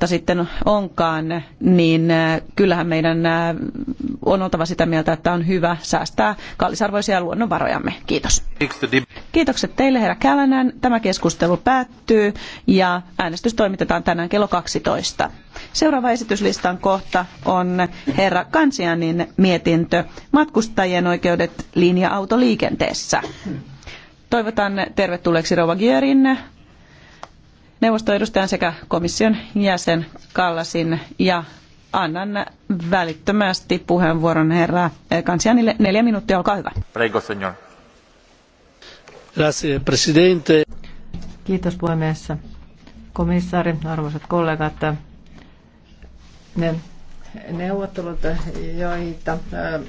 totta sitten onkaan, niin äh, kyllähän meidän äh, on oltava sitä mieltä, että on hyvä säästää kallisarvoisia luonnonvarojamme. Kiitos. Kiitokset teille, herra Kälänän. Tämä keskustelu päättyy ja äänestys toimitetaan tänään kello 12. Seuraava esityslistan kohta on herra Kansianin mietintö matkustajien oikeudet linja-autoliikenteessä. Toivotan tervetulleeksi Rova Gjörin neuvoston edustajan sekä komission jäsen Kallasin ja annan välittömästi puheenvuoron herra Kansianille. Neljä minuuttia, olkaa hyvä. Prego, signor. Grazie, presidente. Kiitos puhemies. Komissaari, arvoisat kollegat, ne neuvottelut, joita äh,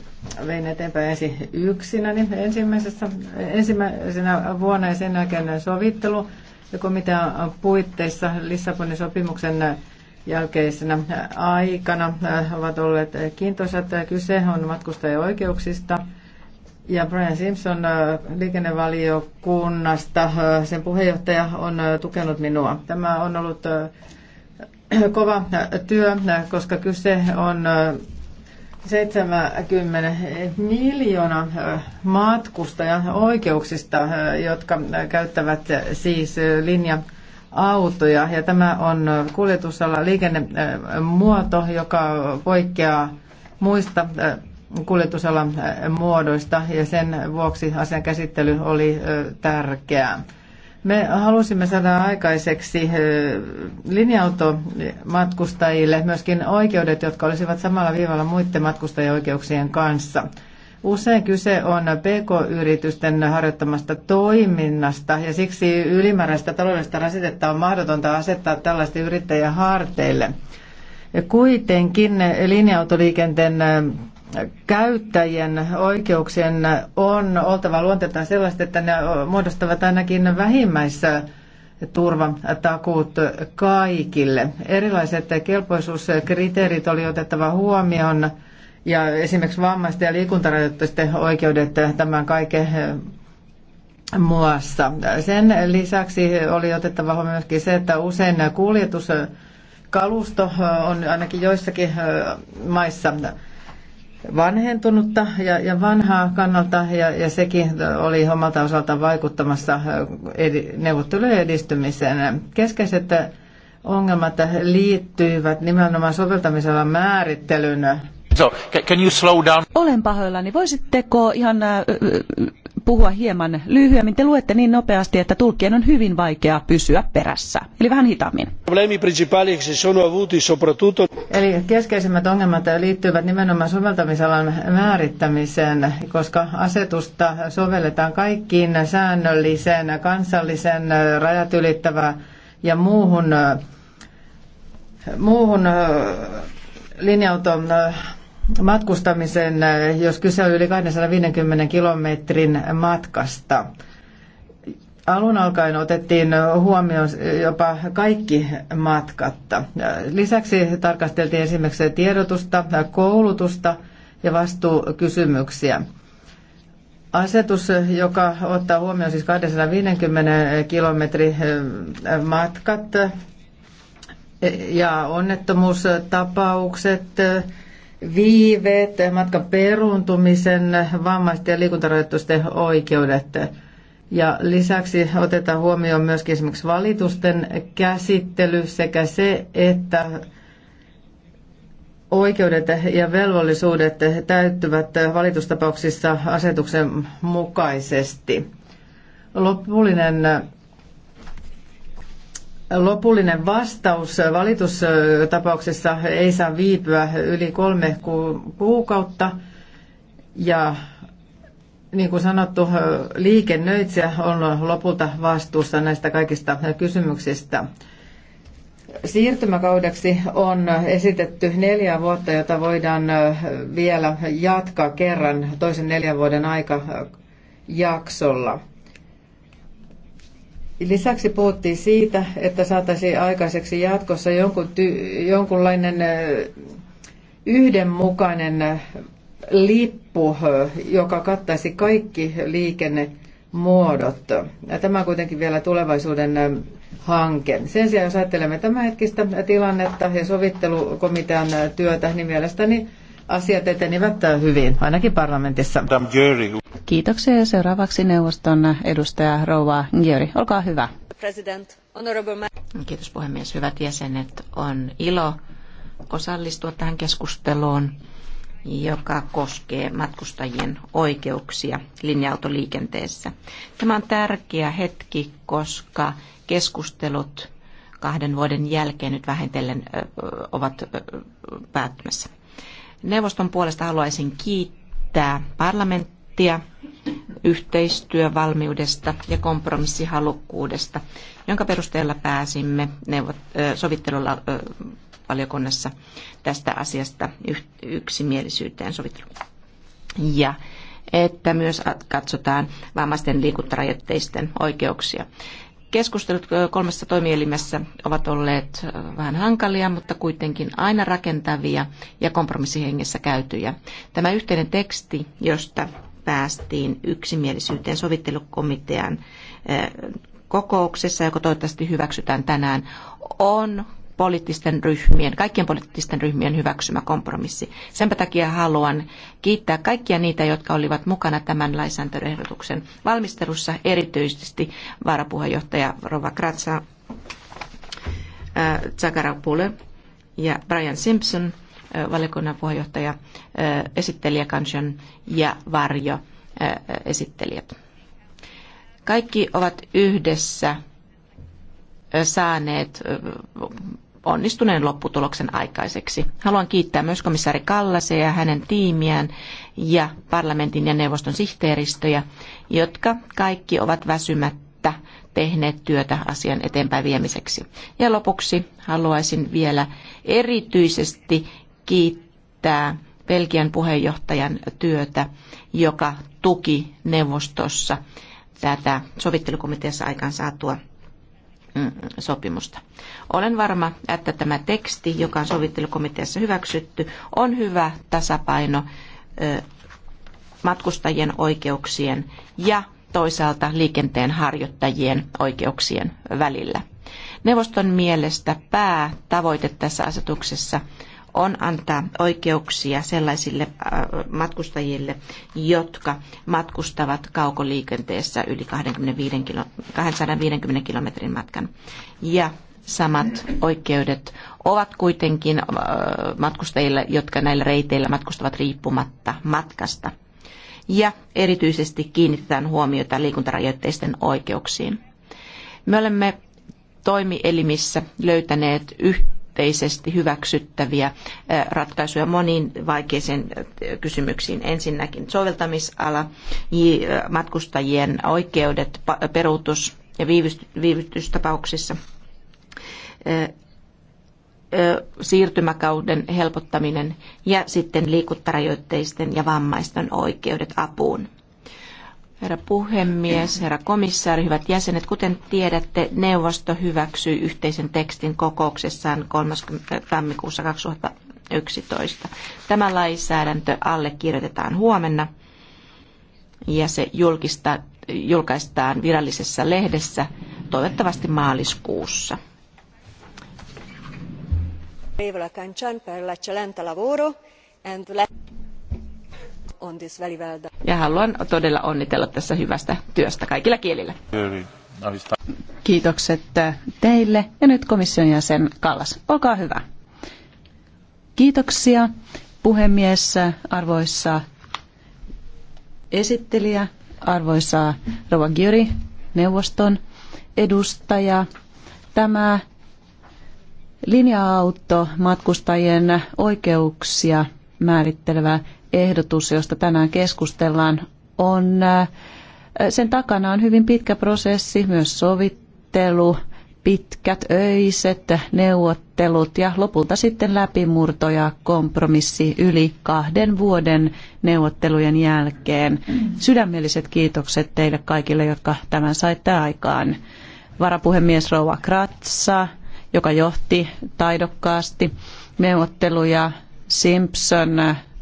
vein eteenpäin ensin yksinäni ensimmäisessä, ensimmäisenä vuonna ja sen jälkeen sovittelu komitean puitteissa Lissabonin sopimuksen jälkeisenä aikana äh, ovat olleet kiintoisat. Kyse on matkustajaoikeuksista ja Brian Simpson äh, liikennevaliokunnasta, äh, sen puheenjohtaja, on tukenut minua. Tämä on ollut kova työ, koska kyse on 70 miljoonan matkustajan oikeuksista, jotka käyttävät siis linja-autoja. Ja tämä on kuljetusala liikennemuoto, joka poikkeaa muista kuljetusalan muodoista ja sen vuoksi asian käsittely oli tärkeää. Me halusimme saada aikaiseksi eh, linja-automatkustajille myöskin oikeudet, jotka olisivat samalla viivalla muiden matkustajaoikeuksien kanssa. Usein kyse on PK-yritysten harjoittamasta toiminnasta ja siksi ylimääräistä taloudellista rasitetta on mahdotonta asettaa tällaista yrittäjän harteille. Kuitenkin linja-autoliikenteen eh, käyttäjien oikeuksien on oltava luonteeltaan sellaiset, että ne muodostavat ainakin vähimmäissä turvatakuut kaikille. Erilaiset kelpoisuuskriteerit oli otettava huomioon ja esimerkiksi vammaisten ja liikuntarajoitteisten oikeudet tämän kaiken muassa. Sen lisäksi oli otettava huomioon myöskin se, että usein kuljetuskalusto on ainakin joissakin maissa vanhentunutta ja, ja vanhaa kannalta, ja, ja sekin oli omalta osalta vaikuttamassa edi, neuvottelujen edistymiseen. Keskeiset ongelmat liittyivät nimenomaan soveltamisella määrittelyyn. So, can you slow down? Olen pahoillani. Voisitteko ihan puhua hieman lyhyemmin. Te luette niin nopeasti, että tulkkien on hyvin vaikea pysyä perässä. Eli vähän hitaammin. Eli keskeisimmät ongelmat liittyvät nimenomaan soveltamisalan määrittämiseen, koska asetusta sovelletaan kaikkiin säännölliseen, kansallisen, rajat ylittävään ja muuhun, muuhun linja matkustamisen, äh, jos kyse on yli 250 kilometrin matkasta. Alun alkaen otettiin huomioon jopa kaikki matkatta. Lisäksi tarkasteltiin esimerkiksi tiedotusta, koulutusta ja vastuukysymyksiä. Asetus, joka ottaa huomioon siis 250 kilometrin äh, matkat ja onnettomuustapaukset, viiveet, matkan peruuntumisen, vammaisten ja liikuntarajoitusten oikeudet. Ja lisäksi otetaan huomioon myöskin esimerkiksi valitusten käsittely sekä se, että oikeudet ja velvollisuudet täyttyvät valitustapauksissa asetuksen mukaisesti. Lopullinen Lopullinen vastaus valitustapauksessa ei saa viipyä yli kolme kuukautta ja niin kuin sanottu, liikennöitsijä on lopulta vastuussa näistä kaikista kysymyksistä. Siirtymäkaudeksi on esitetty neljä vuotta, jota voidaan vielä jatkaa kerran toisen neljän vuoden aikajaksolla. Lisäksi puhuttiin siitä, että saataisiin aikaiseksi jatkossa jonkun ty- jonkunlainen yhdenmukainen lippu, joka kattaisi kaikki liikennemuodot. Ja tämä on kuitenkin vielä tulevaisuuden hanke. Sen sijaan, jos ajattelemme tämänhetkistä tilannetta ja sovittelukomitean työtä, niin mielestäni asiat etenivät hyvin, ainakin parlamentissa. Kiitoksia ja seuraavaksi neuvoston edustaja Rouva Ngiori. Olkaa hyvä. President, honorable... Kiitos puhemies. Hyvät jäsenet, on ilo osallistua tähän keskusteluun, joka koskee matkustajien oikeuksia linja-autoliikenteessä. Tämä on tärkeä hetki, koska keskustelut kahden vuoden jälkeen nyt vähitellen ovat päättymässä. Neuvoston puolesta haluaisin kiittää parlamenttia yhteistyövalmiudesta ja kompromissihalukkuudesta, jonka perusteella pääsimme neuvot- sovittelulla valiokunnassa tästä asiasta yksimielisyyteen sovittelu. Ja että myös katsotaan vammaisten liikuntarajoitteisten oikeuksia. Keskustelut kolmessa toimielimessä ovat olleet vähän hankalia, mutta kuitenkin aina rakentavia ja kompromissihengessä käytyjä. Tämä yhteinen teksti, josta päästiin yksimielisyyteen sovittelukomitean kokouksessa, joka toivottavasti hyväksytään tänään, on poliittisten ryhmien, kaikkien poliittisten ryhmien hyväksymä kompromissi. Sen takia haluan kiittää kaikkia niitä, jotka olivat mukana tämän lainsäädäntöehdotuksen valmistelussa, erityisesti varapuheenjohtaja Rova Kratsa, Zagara Pule ja Brian Simpson valiokunnan puheenjohtaja, eh, esittelijä Kansion ja Varjo eh, esittelijät. Kaikki ovat yhdessä eh, saaneet onnistuneen lopputuloksen aikaiseksi. Haluan kiittää myös komissaari Kallasia ja hänen tiimiään ja parlamentin ja neuvoston sihteeristöjä, jotka kaikki ovat väsymättä tehneet työtä asian eteenpäin viemiseksi. Ja lopuksi haluaisin vielä erityisesti kiittää Belgian puheenjohtajan työtä, joka tuki neuvostossa tätä sovittelukomiteassa aikaan saatua mm, sopimusta. Olen varma, että tämä teksti, joka on sovittelukomiteassa hyväksytty, on hyvä tasapaino matkustajien oikeuksien ja toisaalta liikenteen harjoittajien oikeuksien välillä. Neuvoston mielestä päätavoite tässä asetuksessa on antaa oikeuksia sellaisille äh, matkustajille, jotka matkustavat kaukoliikenteessä yli 250 kilometrin matkan. Ja samat oikeudet ovat kuitenkin äh, matkustajille, jotka näillä reiteillä matkustavat riippumatta matkasta. Ja erityisesti kiinnitetään huomiota liikuntarajoitteisten oikeuksiin. Me olemme toimielimissä löytäneet yhteyttä yhteisesti hyväksyttäviä ratkaisuja moniin vaikeisiin kysymyksiin. Ensinnäkin soveltamisala, matkustajien oikeudet, peruutus ja viivytystapauksissa siirtymäkauden helpottaminen ja sitten liikuntarajoitteisten ja vammaisten oikeudet apuun. Herra puhemies, herra komissaari, hyvät jäsenet, kuten tiedätte, neuvosto hyväksyi yhteisen tekstin kokouksessaan 30. Äh, tammikuussa 2011. Tämä lainsäädäntö allekirjoitetaan huomenna ja se julkista, julkaistaan virallisessa lehdessä toivottavasti maaliskuussa on this very well done. Ja haluan todella onnitella tässä hyvästä työstä kaikilla kielillä. Kiitokset teille ja nyt komission jäsen Kallas. Olkaa hyvä. Kiitoksia puhemies, arvoissa esittelijä, arvoisa Rova Gyri, neuvoston edustaja. Tämä linja-auto matkustajien oikeuksia määrittelevä ehdotus, josta tänään keskustellaan, on, äh, sen takana on hyvin pitkä prosessi, myös sovittelu, pitkät öiset neuvottelut ja lopulta sitten läpimurto ja kompromissi yli kahden vuoden neuvottelujen jälkeen. Sydämelliset kiitokset teille kaikille, jotka tämän saitte aikaan. Varapuhemies Rouva Kratsa, joka johti taidokkaasti neuvotteluja Simpson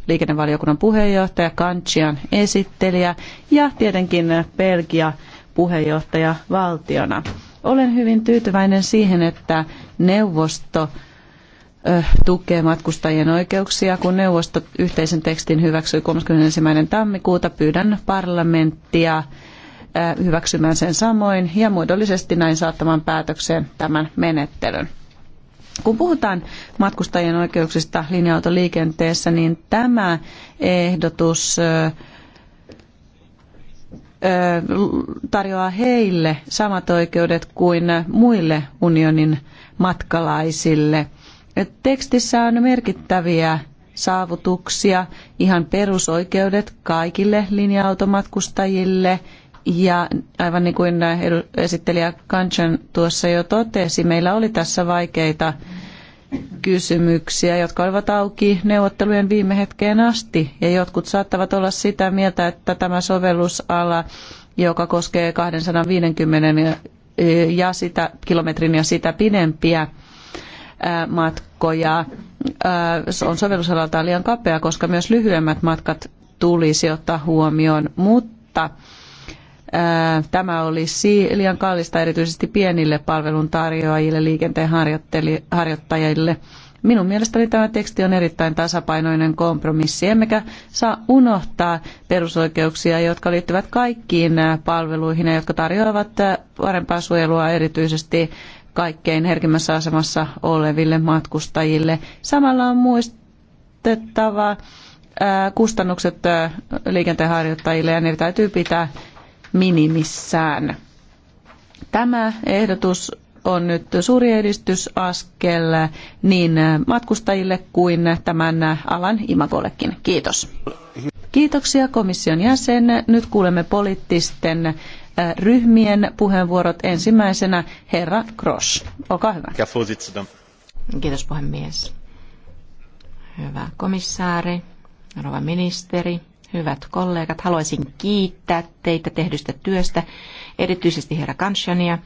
liikennevaliokunnan puheenjohtaja, Kantsian esittelijä ja tietenkin Belgia puheenjohtaja valtiona. Olen hyvin tyytyväinen siihen, että neuvosto tukee matkustajien oikeuksia, kun neuvosto yhteisen tekstin hyväksyi 31. tammikuuta. Pyydän parlamenttia hyväksymään sen samoin ja muodollisesti näin saattamaan päätökseen tämän menettelyn. Kun puhutaan matkustajien oikeuksista linja-autoliikenteessä, niin tämä ehdotus tarjoaa heille samat oikeudet kuin muille unionin matkalaisille. Tekstissä on merkittäviä saavutuksia, ihan perusoikeudet kaikille linja-automatkustajille ja aivan niin kuin esittelijä Kanchan tuossa jo totesi, meillä oli tässä vaikeita kysymyksiä, jotka olivat auki neuvottelujen viime hetkeen asti. Ja jotkut saattavat olla sitä mieltä, että tämä sovellusala, joka koskee 250 ja sitä, kilometrin ja sitä pidempiä matkoja, on sovellusalaltaan liian kapea, koska myös lyhyemmät matkat tulisi ottaa huomioon. Mutta mutta Tämä olisi liian kallista erityisesti pienille palveluntarjoajille, liikenteen harjoittajille. Minun mielestäni tämä teksti on erittäin tasapainoinen kompromissi, emmekä saa unohtaa perusoikeuksia, jotka liittyvät kaikkiin palveluihin ja jotka tarjoavat parempaa suojelua erityisesti kaikkein herkimmässä asemassa oleville matkustajille. Samalla on muistettava kustannukset liikenteenharjoittajille ja ne täytyy pitää minimissään. Tämä ehdotus on nyt suuri edistysaskel niin matkustajille kuin tämän alan imagollekin. Kiitos. Kiitoksia komission jäsen. Nyt kuulemme poliittisten äh, ryhmien puheenvuorot. Ensimmäisenä herra Grosch. Olkaa hyvä. Kiitos puhemies. Hyvä komissaari, rouva ministeri. Hyvät kollegat, haluaisin kiittää teitä tehdystä työstä, erityisesti herra Kanshania.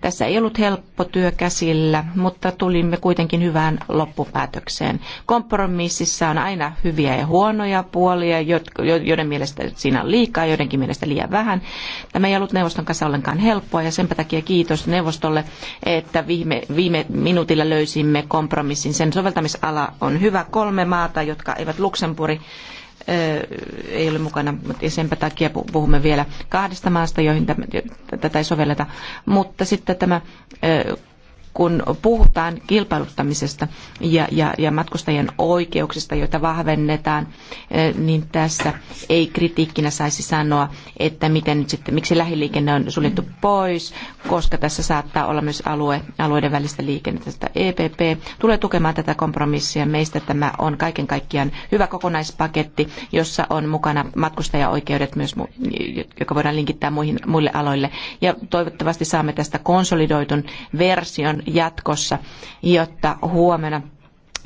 Tässä ei ollut helppo työ käsillä, mutta tulimme kuitenkin hyvään loppupäätökseen. Kompromississa on aina hyviä ja huonoja puolia, joiden mielestä siinä on liikaa, joidenkin mielestä liian vähän. Tämä ei ollut neuvoston kanssa ollenkaan helppoa ja sen takia kiitos neuvostolle, että viime, viime minuutilla löysimme kompromissin. Sen soveltamisala on hyvä kolme maata, jotka eivät Luxemburgi ei ole mukana, ja senpä takia puhumme vielä kahdesta maasta, joihin tätä ei sovelleta. Mutta sitten tämä kun puhutaan kilpailuttamisesta ja, ja, ja matkustajien oikeuksista, joita vahvennetaan, eh, niin tässä ei kritiikkinä saisi sanoa, että miten nyt sitten, miksi lähiliikenne on suljettu pois, koska tässä saattaa olla myös alue, alueiden välistä liikennettä. Tästä EPP tulee tukemaan tätä kompromissia. Meistä tämä on kaiken kaikkiaan hyvä kokonaispaketti, jossa on mukana matkustajaoikeudet myös, joka voidaan linkittää muihin, muille aloille. Ja toivottavasti saamme tästä konsolidoitun version, paljon jatkossa, jotta huomenna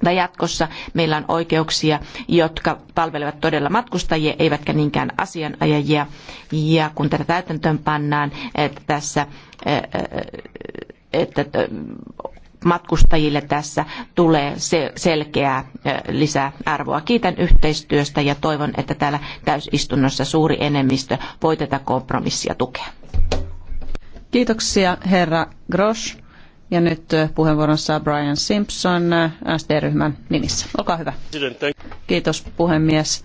tai jatkossa meillä on oikeuksia, jotka palvelevat todella matkustajia, eivätkä niinkään asianajajia. Ja kun tätä täytäntöön pannaan, että tässä että matkustajille tässä tulee selkeää lisäarvoa. Kiitän yhteistyöstä ja toivon, että täällä täysistunnossa suuri enemmistö voi tätä kompromissia tukea. Kiitoksia herra Grosch. Ja nyt puheenvuoronsa Brian Simpson SD-ryhmän nimissä. Olkaa hyvä. Kiitos puhemies.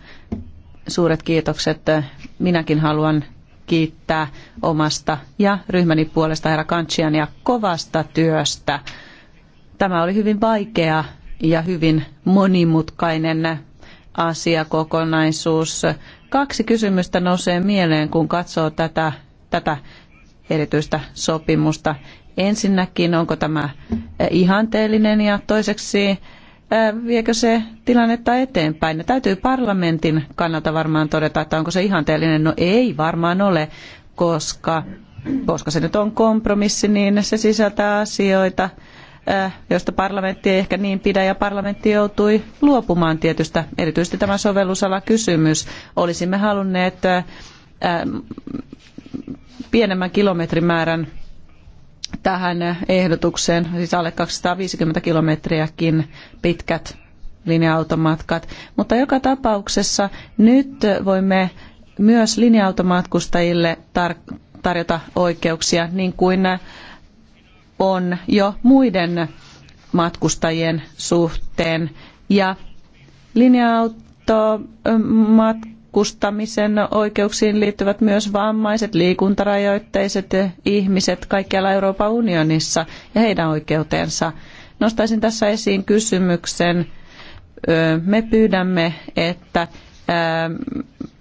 Suuret kiitokset. Minäkin haluan kiittää omasta ja ryhmäni puolesta herra ja kovasta työstä. Tämä oli hyvin vaikea ja hyvin monimutkainen asiakokonaisuus. Kaksi kysymystä nousee mieleen, kun katsoo tätä, tätä erityistä sopimusta. Ensinnäkin, onko tämä ihanteellinen ja toiseksi, viekö se tilannetta eteenpäin. Ja täytyy parlamentin kannalta varmaan todeta, että onko se ihanteellinen. No ei varmaan ole, koska, koska se nyt on kompromissi, niin se sisältää asioita, josta parlamentti ei ehkä niin pidä ja parlamentti joutui luopumaan tietystä, erityisesti tämä sovellusalakysymys. Olisimme halunneet pienemmän kilometrimäärän tähän ehdotukseen, siis alle 250 kilometriäkin pitkät linja-automatkat. Mutta joka tapauksessa nyt voimme myös linja-automatkustajille tar- tarjota oikeuksia, niin kuin on jo muiden matkustajien suhteen. Ja linja-automatkustajille matkustamisen oikeuksiin liittyvät myös vammaiset, liikuntarajoitteiset ihmiset kaikkialla Euroopan unionissa ja heidän oikeutensa. Nostaisin tässä esiin kysymyksen. Me pyydämme, että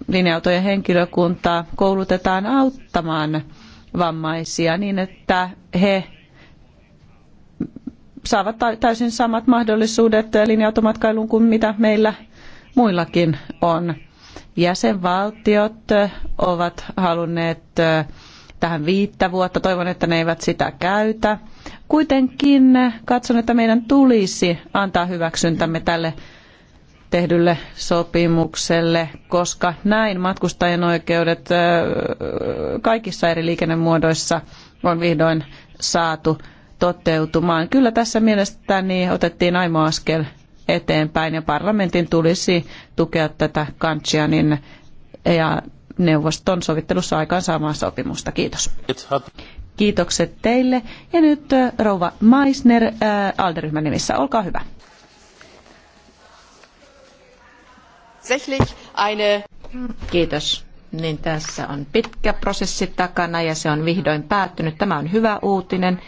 linja-autojen henkilökuntaa koulutetaan auttamaan vammaisia niin, että he saavat täysin samat mahdollisuudet linja-automatkailuun kuin mitä meillä muillakin on jäsenvaltiot ovat halunneet tähän viittä vuotta. Toivon, että ne eivät sitä käytä. Kuitenkin katson, että meidän tulisi antaa hyväksyntämme tälle tehdylle sopimukselle, koska näin matkustajien oikeudet kaikissa eri liikennemuodoissa on vihdoin saatu toteutumaan. Kyllä tässä mielestäni otettiin aimo askel eteenpäin ja parlamentin tulisi tukea tätä Kantsianin ja neuvoston sovittelussa aikaansaamaa sopimusta. Kiitos. Kiitokset teille. Ja nyt äh, rouva Meisner ää, äh, Alderyhmän nimissä. Olkaa hyvä. Kiitos. Niin tässä on pitkä prosessi takana ja se on vihdoin päättynyt. Tämä on hyvä uutinen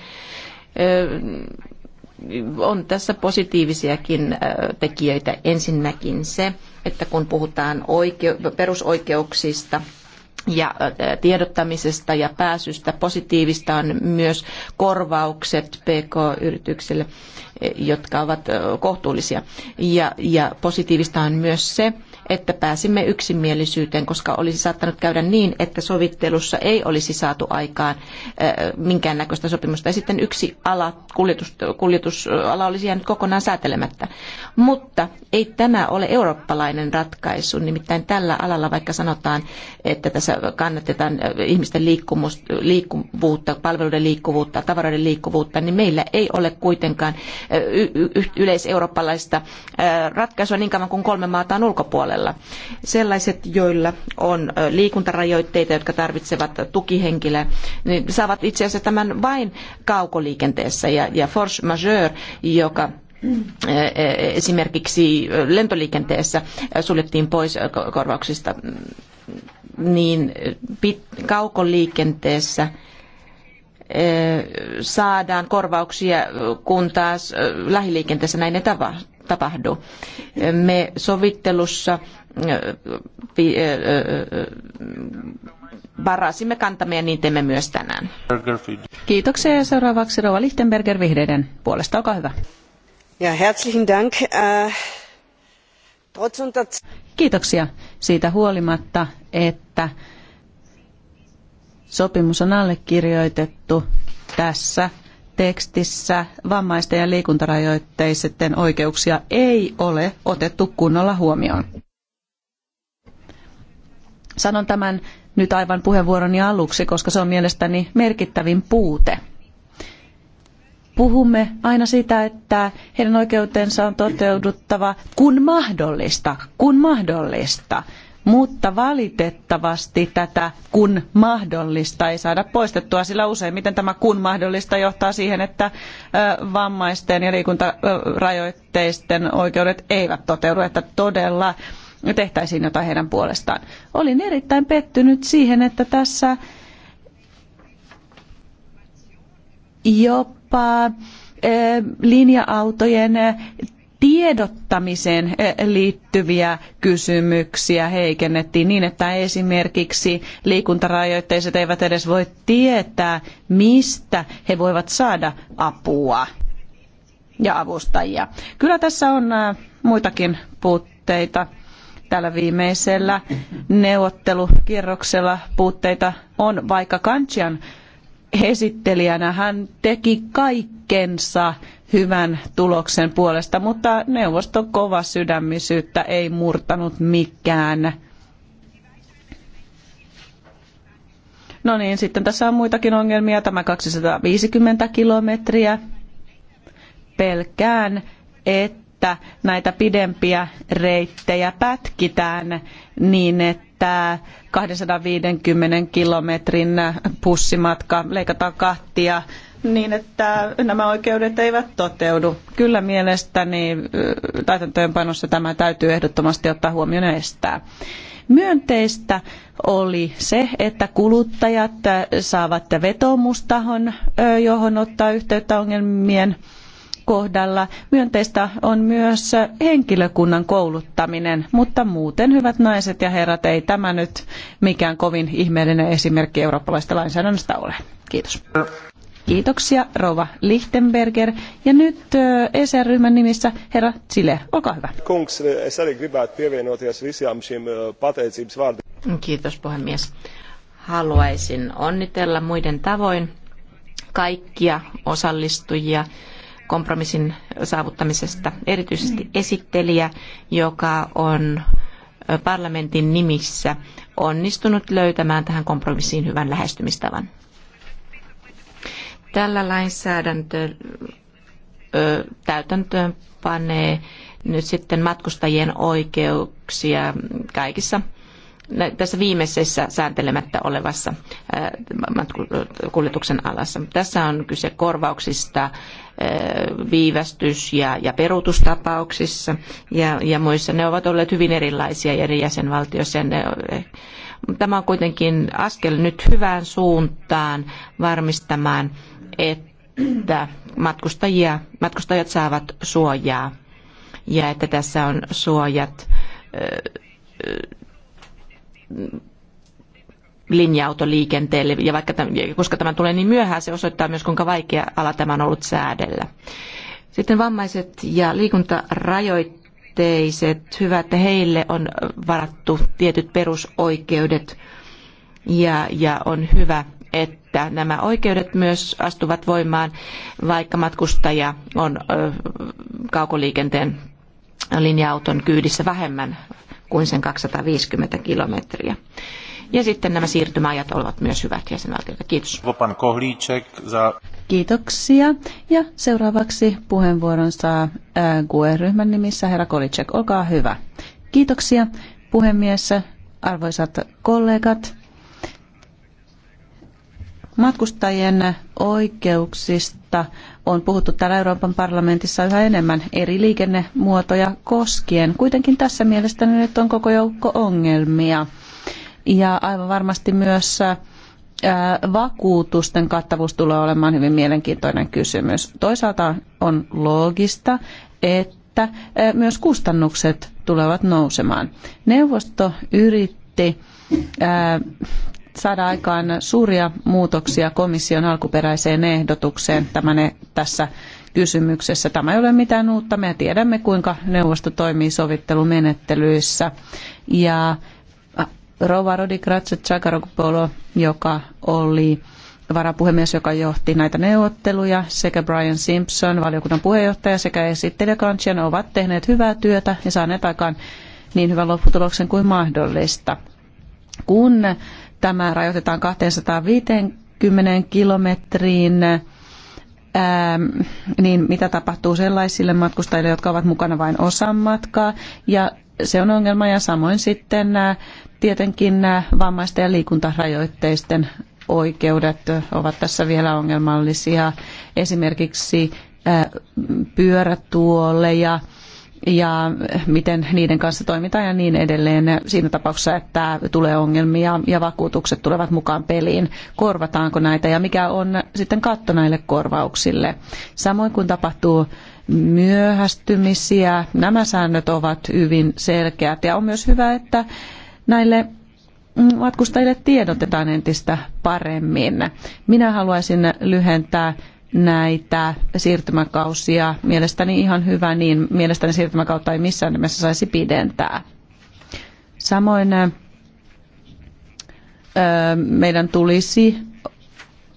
on tässä positiivisiakin tekijöitä. Ensinnäkin se, että kun puhutaan oikeu- perusoikeuksista, ja tiedottamisesta ja pääsystä. Positiivista on myös korvaukset PK-yrityksille, jotka ovat kohtuullisia. Ja, ja positiivista on myös se, että pääsimme yksimielisyyteen, koska olisi saattanut käydä niin, että sovittelussa ei olisi saatu aikaan minkäännäköistä sopimusta. Ja sitten yksi ala, kuljetus, kuljetusala olisi jäänyt kokonaan säätelemättä. Mutta ei tämä ole eurooppalainen ratkaisu. Nimittäin tällä alalla, vaikka sanotaan, että tässä kannatetaan ihmisten liikkuvuutta, palveluiden liikkuvuutta, tavaroiden liikkuvuutta, niin meillä ei ole kuitenkaan yleiseurooppalaista ratkaisua niin kauan kuin kolme maata on ulkopuolella puolella. Sellaiset, joilla on liikuntarajoitteita, jotka tarvitsevat tukihenkilöä, niin saavat itse asiassa tämän vain kaukoliikenteessä. Ja, ja force majeure, joka esimerkiksi lentoliikenteessä suljettiin pois korvauksista, niin kaukoliikenteessä saadaan korvauksia, kun taas lähiliikenteessä näin ei tapahdu tapahdu. Me sovittelussa äh, äh, äh, varasimme kantamme ja niin teemme myös tänään. Kiitoksia ja seuraavaksi Rova Lichtenberger vihreiden puolesta. Olkaa hyvä. Ja herzlichen dank. Kiitoksia siitä huolimatta, että sopimus on allekirjoitettu tässä tekstissä vammaisten ja liikuntarajoitteisten oikeuksia ei ole otettu kunnolla huomioon. Sanon tämän nyt aivan puheenvuoroni aluksi, koska se on mielestäni merkittävin puute. Puhumme aina sitä, että heidän oikeutensa on toteuduttava kun mahdollista, kun mahdollista mutta valitettavasti tätä kun mahdollista ei saada poistettua, sillä useimmiten tämä kun mahdollista johtaa siihen, että vammaisten ja liikuntarajoitteisten oikeudet eivät toteudu, että todella tehtäisiin jotain heidän puolestaan. Olin erittäin pettynyt siihen, että tässä jopa linja-autojen tiedottamiseen eh, liittyviä kysymyksiä heikennettiin niin, että esimerkiksi liikuntarajoitteiset eivät edes voi tietää, mistä he voivat saada apua ja avustajia. Kyllä tässä on eh, muitakin puutteita tällä viimeisellä neuvottelukierroksella puutteita on, vaikka Kantsian esittelijänä hän teki kaikki kaikkensa hyvän tuloksen puolesta, mutta neuvoston kova sydämisyyttä ei murtanut mikään. No niin, sitten tässä on muitakin ongelmia. Tämä 250 kilometriä. Pelkään, että näitä pidempiä reittejä pätkitään niin, että 250 kilometrin pussimatka leikataan kahtia niin, että nämä oikeudet eivät toteudu. Kyllä mielestäni täytäntöönpanossa tämä täytyy ehdottomasti ottaa huomioon ja estää. Myönteistä oli se, että kuluttajat saavat vetomustahon, johon ottaa yhteyttä ongelmien kohdalla. Myönteistä on myös henkilökunnan kouluttaminen, mutta muuten, hyvät naiset ja herrat, ei tämä nyt mikään kovin ihmeellinen esimerkki eurooppalaista lainsäädännöstä ole. Kiitos. Kiitoksia, rouva Lichtenberger. Ja nyt ESR-ryhmän nimissä herra Zile, olkaa hyvä. Kiitos puhemies. Haluaisin onnitella muiden tavoin kaikkia osallistujia kompromissin saavuttamisesta, erityisesti esittelijä, joka on parlamentin nimissä onnistunut löytämään tähän kompromissiin hyvän lähestymistavan. Tällä lainsäädäntö täytäntöön panee nyt sitten matkustajien oikeuksia kaikissa tässä viimeisessä sääntelemättä olevassa kuljetuksen alassa. Tässä on kyse korvauksista viivästys- ja, ja peruutustapauksissa ja, ja muissa. Ne ovat olleet hyvin erilaisia eri jäsenvaltioissa. tämä on kuitenkin askel nyt hyvään suuntaan varmistamaan että matkustajia, matkustajat saavat suojaa ja että tässä on suojat linja-autoliikenteelle. Ja vaikka tämän, koska tämä tulee niin myöhään, se osoittaa myös, kuinka vaikea ala tämä on ollut säädellä. Sitten vammaiset ja liikuntarajoitteiset, hyvä, että heille on varattu tietyt perusoikeudet ja, ja on hyvä, että nämä oikeudet myös astuvat voimaan, vaikka matkustaja on kaukoliikenteen linja-auton kyydissä vähemmän kuin sen 250 kilometriä. Ja sitten nämä siirtymäajat ovat myös hyvät jäsenvaltioita. Kiitos. Kiitoksia. Ja seuraavaksi puheenvuoron saa GUE-ryhmän nimissä herra Kolicek. Olkaa hyvä. Kiitoksia puhemies, arvoisat kollegat. Matkustajien oikeuksista on puhuttu täällä Euroopan parlamentissa yhä enemmän eri liikennemuotoja koskien. Kuitenkin tässä mielestäni nyt on koko joukko ongelmia. Ja aivan varmasti myös äh, vakuutusten kattavuus tulee olemaan hyvin mielenkiintoinen kysymys. Toisaalta on loogista, että äh, myös kustannukset tulevat nousemaan. Neuvosto yritti äh, saada aikaan suuria muutoksia komission alkuperäiseen ehdotukseen tämän e- tässä kysymyksessä. Tämä ei ole mitään uutta. Me tiedämme, kuinka neuvosto toimii sovittelumenettelyissä. Ja Rova Rodikratse Chakarokpolo, joka oli varapuhemies, joka johti näitä neuvotteluja, sekä Brian Simpson, valiokunnan puheenjohtaja, sekä esittelijä Kanchian ovat tehneet hyvää työtä ja saaneet aikaan niin hyvän lopputuloksen kuin mahdollista. Kun tämä rajoitetaan 250 kilometriin, ähm, niin mitä tapahtuu sellaisille matkustajille, jotka ovat mukana vain osan matkaa, ja se on ongelma, ja samoin sitten äh, tietenkin äh, vammaisten ja liikuntarajoitteisten oikeudet ovat tässä vielä ongelmallisia. Esimerkiksi äh, pyörätuoleja ja miten niiden kanssa toimitaan ja niin edelleen siinä tapauksessa, että tulee ongelmia ja vakuutukset tulevat mukaan peliin. Korvataanko näitä ja mikä on sitten katto näille korvauksille? Samoin kun tapahtuu myöhästymisiä, nämä säännöt ovat hyvin selkeät ja on myös hyvä, että näille matkustajille tiedotetaan entistä paremmin. Minä haluaisin lyhentää näitä siirtymäkausia. Mielestäni ihan hyvä, niin mielestäni siirtymäkautta ei missään nimessä saisi pidentää. Samoin meidän tulisi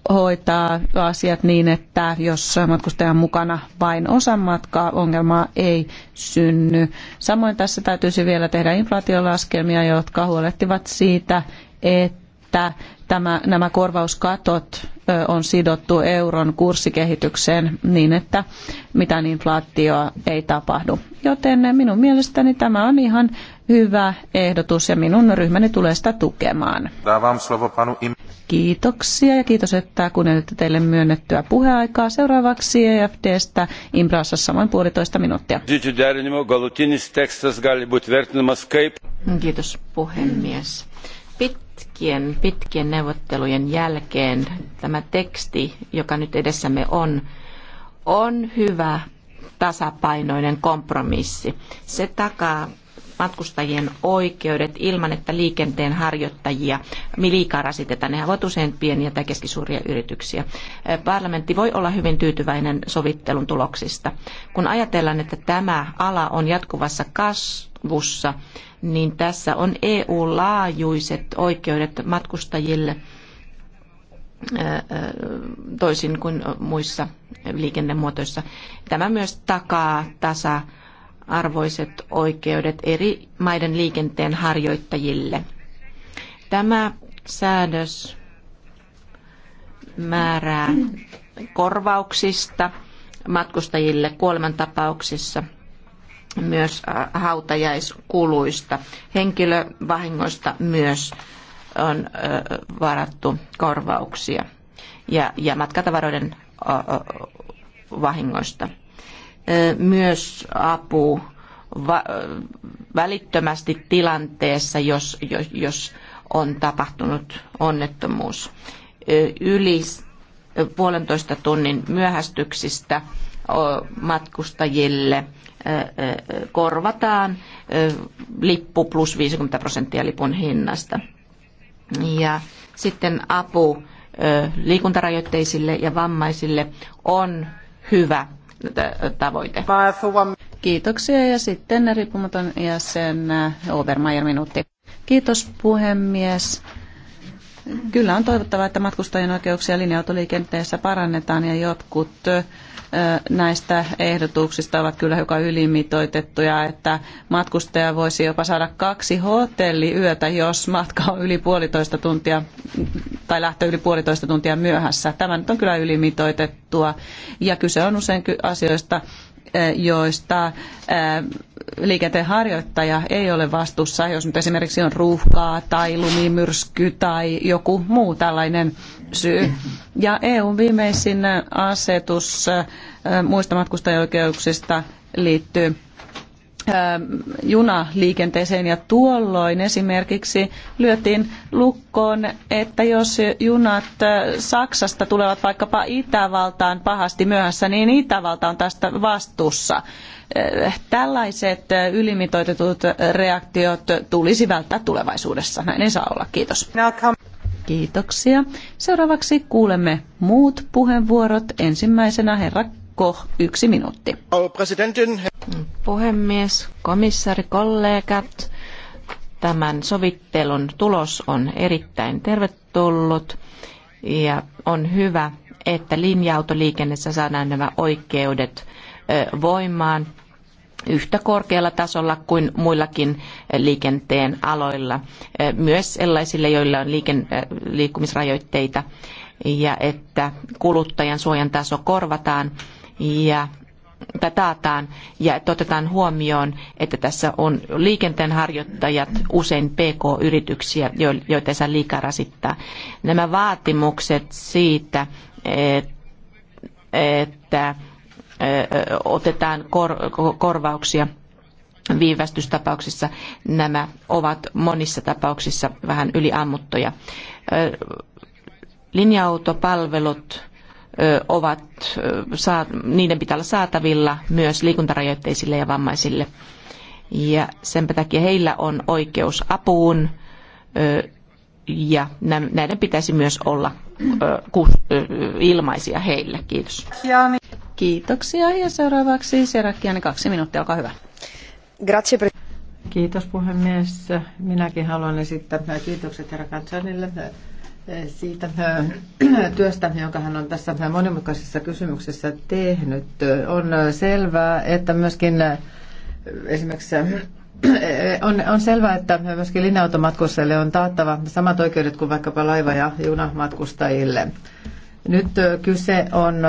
hoitaa asiat niin, että jos matkustaja on mukana vain osan matkaa, ongelmaa ei synny. Samoin tässä täytyisi vielä tehdä inflaatiolaskelmia, jotka huolehtivat siitä, että tämä, nämä korvauskatot on sidottu euron kurssikehitykseen niin, että mitään inflaatioa ei tapahdu. Joten minun mielestäni tämä on ihan hyvä ehdotus ja minun ryhmäni tulee sitä tukemaan. Kiitoksia ja kiitos, että kuunnelitte teille myönnettyä puheaikaa. Seuraavaksi EFDstä Imbrassa samoin puolitoista minuuttia. Kiitos puhemies Pitkien, pitkien neuvottelujen jälkeen tämä teksti, joka nyt edessämme on, on hyvä tasapainoinen kompromissi. Se takaa matkustajien oikeudet ilman, että liikenteen harjoittajia liikaa rasitetaan. Nehän ovat usein pieniä tai keskisuuria yrityksiä. Parlamentti voi olla hyvin tyytyväinen sovittelun tuloksista. Kun ajatellaan, että tämä ala on jatkuvassa kasvussa, niin tässä on EU-laajuiset oikeudet matkustajille toisin kuin muissa liikennemuotoissa. Tämä myös takaa tasa arvoiset oikeudet eri maiden liikenteen harjoittajille. Tämä säädös määrää korvauksista matkustajille kuolemantapauksissa myös äh, hautajaiskuluista. Henkilövahingoista myös on äh, varattu korvauksia ja, ja matkatavaroiden äh, vahingoista myös apu välittömästi tilanteessa, jos, jos, jos on tapahtunut onnettomuus. Yli puolentoista tunnin myöhästyksistä matkustajille korvataan lippu plus 50 prosenttia lipun hinnasta. Ja sitten apu liikuntarajoitteisille ja vammaisille on hyvä tavoite. Kiitoksia ja sitten riippumaton jäsen eh, Obermeier minuutti. Kiitos puhemies. Kyllä on toivottavaa, että matkustajien oikeuksia linja-autoliikenteessä parannetaan ja jotkut eh, näistä ehdotuksista ovat kyllä hiukan ylimitoitettuja, että matkustaja voisi jopa saada kaksi hotelliyötä, jos matka on yli puolitoista tuntia tai lähtee yli puolitoista tuntia myöhässä. Tämä nyt on kyllä ylimitoitettua ja kyse on usein asioista, joista liikenteen harjoittaja ei ole vastuussa, jos nyt esimerkiksi on ruuhkaa tai lumimyrsky tai joku muu tällainen syy. Ja EUn viimeisin asetus muista matkustajoikeuksista liittyy junaliikenteeseen ja tuolloin esimerkiksi lyötiin lukkoon, että jos junat Saksasta tulevat vaikkapa Itävaltaan pahasti myöhässä, niin Itävalta on tästä vastuussa. Tällaiset ylimitoitetut reaktiot tulisi välttää tulevaisuudessa. Näin ei saa olla. Kiitos. Kiitoksia. Seuraavaksi kuulemme muut puheenvuorot. Ensimmäisenä herra Koch, yksi minuutti. Puhemies, komissari, kollegat. Tämän sovittelun tulos on erittäin tervetullut ja on hyvä, että linja-autoliikennessä saadaan nämä oikeudet voimaan yhtä korkealla tasolla kuin muillakin liikenteen aloilla, myös sellaisille, joilla on liikkumisrajoitteita, ja että kuluttajan suojan taso korvataan ja tai taataan ja että otetaan huomioon, että tässä on liikenteen harjoittajat usein PK-yrityksiä, joita ei saa liikaa rasittaa. Nämä vaatimukset siitä, että otetaan korvauksia viivästystapauksissa. Nämä ovat monissa tapauksissa vähän yliammuttuja. Linja-autopalvelut ovat, niiden pitää olla saatavilla myös liikuntarajoitteisille ja vammaisille. Ja sen takia heillä on oikeus apuun ja näiden pitäisi myös olla ilmaisia heille. Kiitos. Kiitoksia ja seuraavaksi Serakkiainen kaksi minuuttia, olkaa hyvä. Grazie. Kiitos puhemies. Minäkin haluan esittää kiitokset herra Kansanille eh, siitä eh, työstä, jonka hän on tässä monimutkaisessa kysymyksessä tehnyt. On selvää, että myöskin eh, esimerkiksi on, on selvää, että myöskin linja-automatkustajille on taattava samat oikeudet kuin vaikkapa laiva- ja junamatkustajille. Nyt kyse on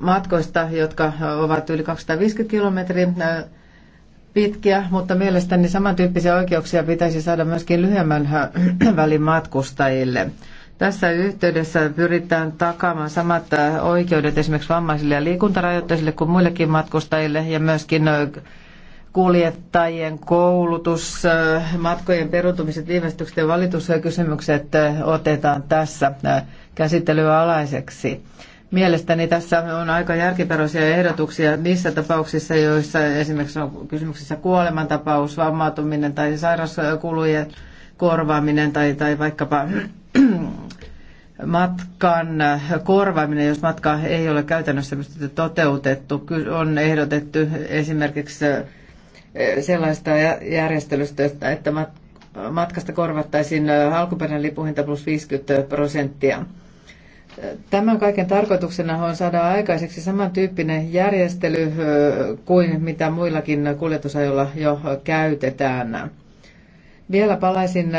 matkoista, jotka ovat yli 250 kilometriä pitkiä, mutta mielestäni samantyyppisiä oikeuksia pitäisi saada myöskin lyhyemmän välin matkustajille. Tässä yhteydessä pyritään takaamaan samat oikeudet esimerkiksi vammaisille ja liikuntarajoitteisille kuin muillekin matkustajille ja myöskin kuljettajien koulutus, matkojen peruutumiset, viivästykset ja valituskysymykset otetaan tässä käsittelyalaiseksi. Mielestäni tässä on aika järkiperäisiä ehdotuksia niissä tapauksissa, joissa esimerkiksi on kysymyksessä kuolemantapaus, vammautuminen tai sairauskulujen korvaaminen tai, tai vaikkapa matkan korvaaminen, jos matka ei ole käytännössä toteutettu. On ehdotettu esimerkiksi sellaista järjestelystä, että matkasta korvattaisiin alkuperäinen lipuhinta plus 50 prosenttia. Tämän kaiken tarkoituksena on saada aikaiseksi samantyyppinen järjestely kuin mitä muillakin kuljetusajolla jo käytetään. Vielä palaisin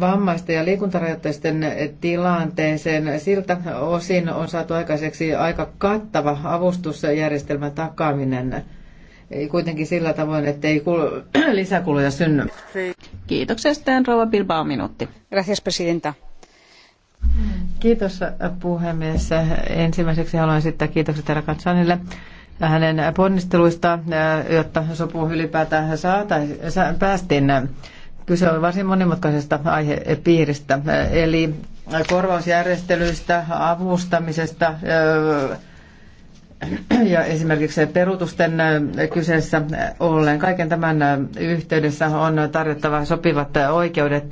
vammaisten ja liikuntarajoitteisten tilanteeseen. Siltä osin on saatu aikaiseksi aika kattava avustusjärjestelmän takaaminen. Kuitenkin sillä tavoin, ettei kul- lisäkuluja synny. Kiitoksia sitten, rouva Bilbao, minuutti. Gracias, presidenta. Kiitos puhemies. Ensimmäiseksi haluan esittää kiitokset herra Katsanille hänen ponnisteluista, jotta sopu ylipäätään saatais, päästiin. Kyse on varsin monimutkaisesta aihepiiristä, eli korvausjärjestelyistä, avustamisesta ja esimerkiksi perutusten kyseessä ollen. Kaiken tämän yhteydessä on tarjottava sopivat oikeudet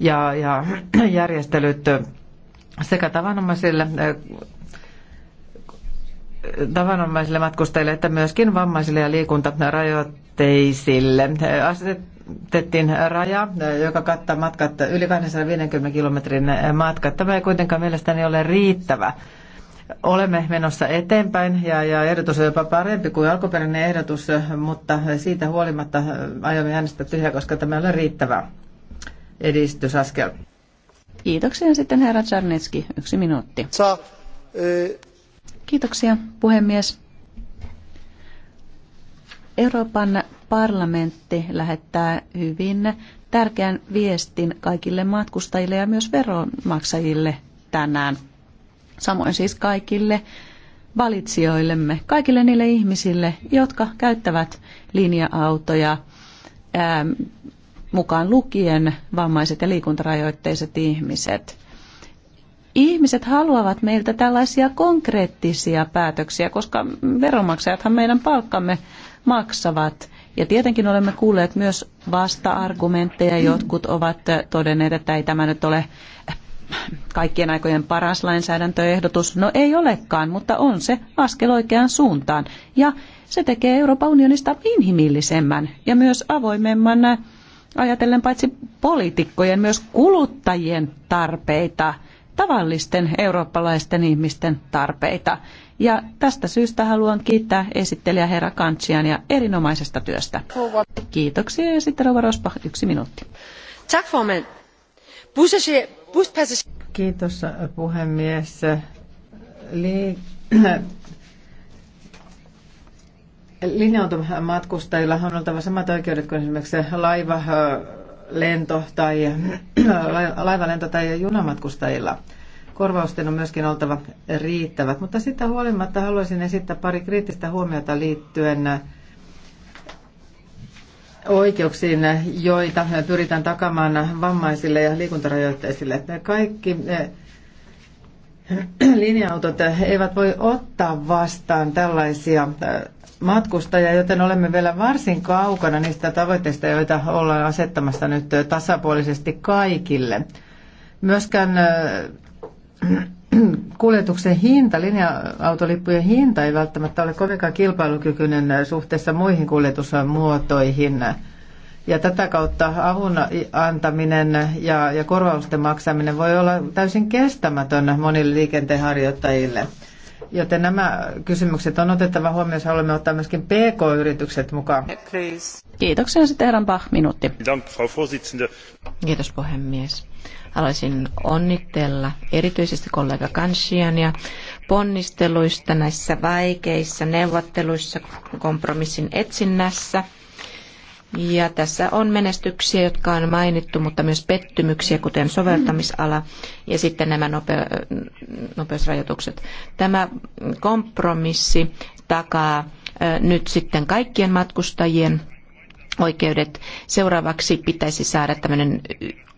ja, ja järjestelyt sekä tavanomaisille tavanomaisille matkustajille että myöskin vammaisille ja liikuntarajoitteisille. Asetettiin raja, joka kattaa matkat yli 250 kilometrin matkat. Tämä ei kuitenkaan mielestäni ole riittävä. Olemme menossa eteenpäin ja, ja ehdotus on jopa parempi kuin alkuperäinen ehdotus, mutta siitä huolimatta aiomme äänestää tyhjä, koska tämä ei ole riittävä edistysaskel. Kiitoksia sitten herra Czarnecki, yksi minuutti. E- Kiitoksia puhemies. Euroopan parlamentti lähettää hyvin tärkeän viestin kaikille matkustajille ja myös veronmaksajille tänään. Samoin siis kaikille valitsijoillemme, kaikille niille ihmisille, jotka käyttävät linja-autoja mukaan lukien vammaiset ja liikuntarajoitteiset ihmiset. Ihmiset haluavat meiltä tällaisia konkreettisia päätöksiä, koska veronmaksajathan meidän palkkamme maksavat. Ja tietenkin olemme kuulleet myös vasta-argumentteja. Jotkut ovat todenneet, että ei tämä nyt ole kaikkien aikojen paras lainsäädäntöehdotus. No ei olekaan, mutta on se askel oikeaan suuntaan. Ja se tekee Euroopan unionista inhimillisemmän ja myös avoimemman ajatellen paitsi poliitikkojen, myös kuluttajien tarpeita, tavallisten eurooppalaisten ihmisten tarpeita. Ja tästä syystä haluan kiittää esittelijä herra Kantsian ja erinomaisesta työstä. Kiitoksia ja sitten Rova Rosbach, yksi minuutti. Tack Kiitos puhemies. Li- Linja-automatkustajilla on oltava samat oikeudet kuin esimerkiksi laiva, lento tai, laivalento tai junamatkustajilla. Korvausten on myöskin oltava riittävät, mutta sitä huolimatta haluaisin esittää pari kriittistä huomiota liittyen oikeuksiin, joita pyritään takamaan vammaisille ja liikuntarajoitteisille. Kaikki linja-autot eivät voi ottaa vastaan tällaisia matkustaja, joten olemme vielä varsin kaukana niistä tavoitteista, joita ollaan asettamassa nyt tasapuolisesti kaikille. Myöskään kuljetuksen hinta, linja-autolippujen hinta ei välttämättä ole kovinkaan kilpailukykyinen suhteessa muihin kuljetusmuotoihin. Ja tätä kautta avun antaminen ja, ja korvausten maksaminen voi olla täysin kestämätön monille liikenteenharjoittajille. Joten nämä kysymykset on otettava huomioon, jos haluamme ottaa myöskin PK-yritykset mukaan. Kiitoksia sitten herran Bach, minuutti. Kiitos puhemies. Haluaisin onnitella erityisesti kollega ja ponnisteluista näissä vaikeissa neuvotteluissa kompromissin etsinnässä – ja tässä on menestyksiä, jotka on mainittu, mutta myös pettymyksiä, kuten soveltamisala ja sitten nämä nopeusrajoitukset. Tämä kompromissi takaa nyt sitten kaikkien matkustajien oikeudet. Seuraavaksi pitäisi saada tämmöinen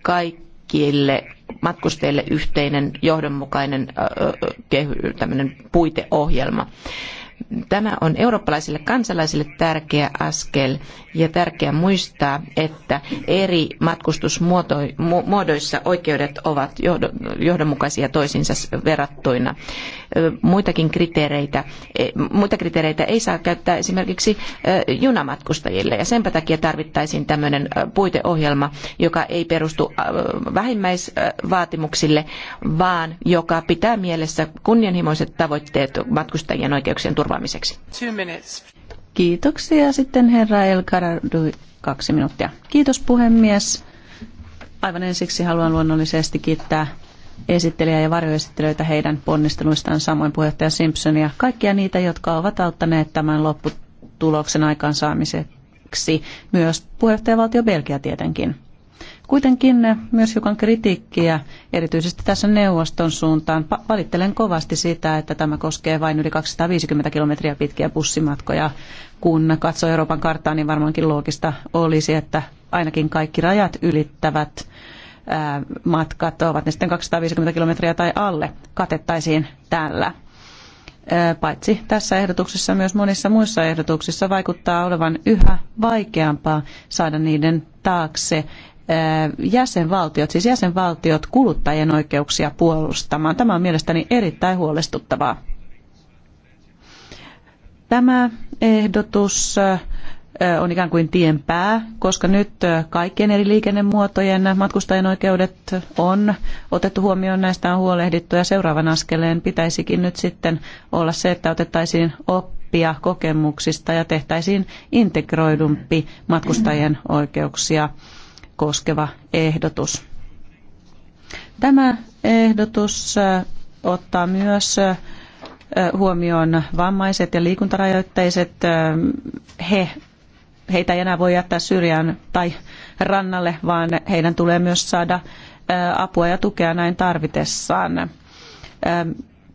kaikille matkustajille yhteinen johdonmukainen tämmöinen puiteohjelma. Tämä on eurooppalaisille kansalaisille tärkeä askel ja tärkeää muistaa, että eri matkustusmuodoissa oikeudet ovat johdonmukaisia toisiinsa verrattuina muitakin kriteereitä, e, muita kriteereitä ei saa käyttää esimerkiksi junamatkustajille. Ja senpä takia tarvittaisiin tämmöinen puiteohjelma, joka ei perustu vähimmäisvaatimuksille, vaan joka pitää mielessä kunnianhimoiset tavoitteet matkustajien oikeuksien turvaamiseksi. Kiitoksia sitten herra Elkaradu, Kaksi minuuttia. Kiitos puhemies. Aivan ensiksi haluan luonnollisesti kiittää esittelijä ja varjoesittelijöitä heidän ponnisteluistaan, samoin puheenjohtaja Simpsonia, kaikkia niitä, jotka ovat auttaneet tämän lopputuloksen aikaansaamiseksi, myös puheenjohtajavaltio Belgia tietenkin. Kuitenkin myös hiukan kritiikkiä, erityisesti tässä neuvoston suuntaan. Valittelen kovasti sitä, että tämä koskee vain yli 250 kilometriä pitkiä bussimatkoja. Kun katsoo Euroopan karttaa, niin varmaankin loogista olisi, että ainakin kaikki rajat ylittävät matkat, ovat ne sitten 250 kilometriä tai alle, katettaisiin tällä. Paitsi tässä ehdotuksessa, myös monissa muissa ehdotuksissa vaikuttaa olevan yhä vaikeampaa saada niiden taakse jäsenvaltiot, siis jäsenvaltiot kuluttajien oikeuksia puolustamaan. Tämä on mielestäni erittäin huolestuttavaa. Tämä ehdotus on ikään kuin tien pää, koska nyt kaikkien eri liikennemuotojen matkustajien oikeudet on otettu huomioon, näistä on huolehdittu ja seuraavan askeleen pitäisikin nyt sitten olla se, että otettaisiin oppia kokemuksista ja tehtäisiin integroidumpi matkustajien oikeuksia koskeva ehdotus. Tämä ehdotus ottaa myös huomioon vammaiset ja liikuntarajoitteiset. He heitä ei enää voi jättää syrjään tai rannalle, vaan heidän tulee myös saada apua ja tukea näin tarvitessaan.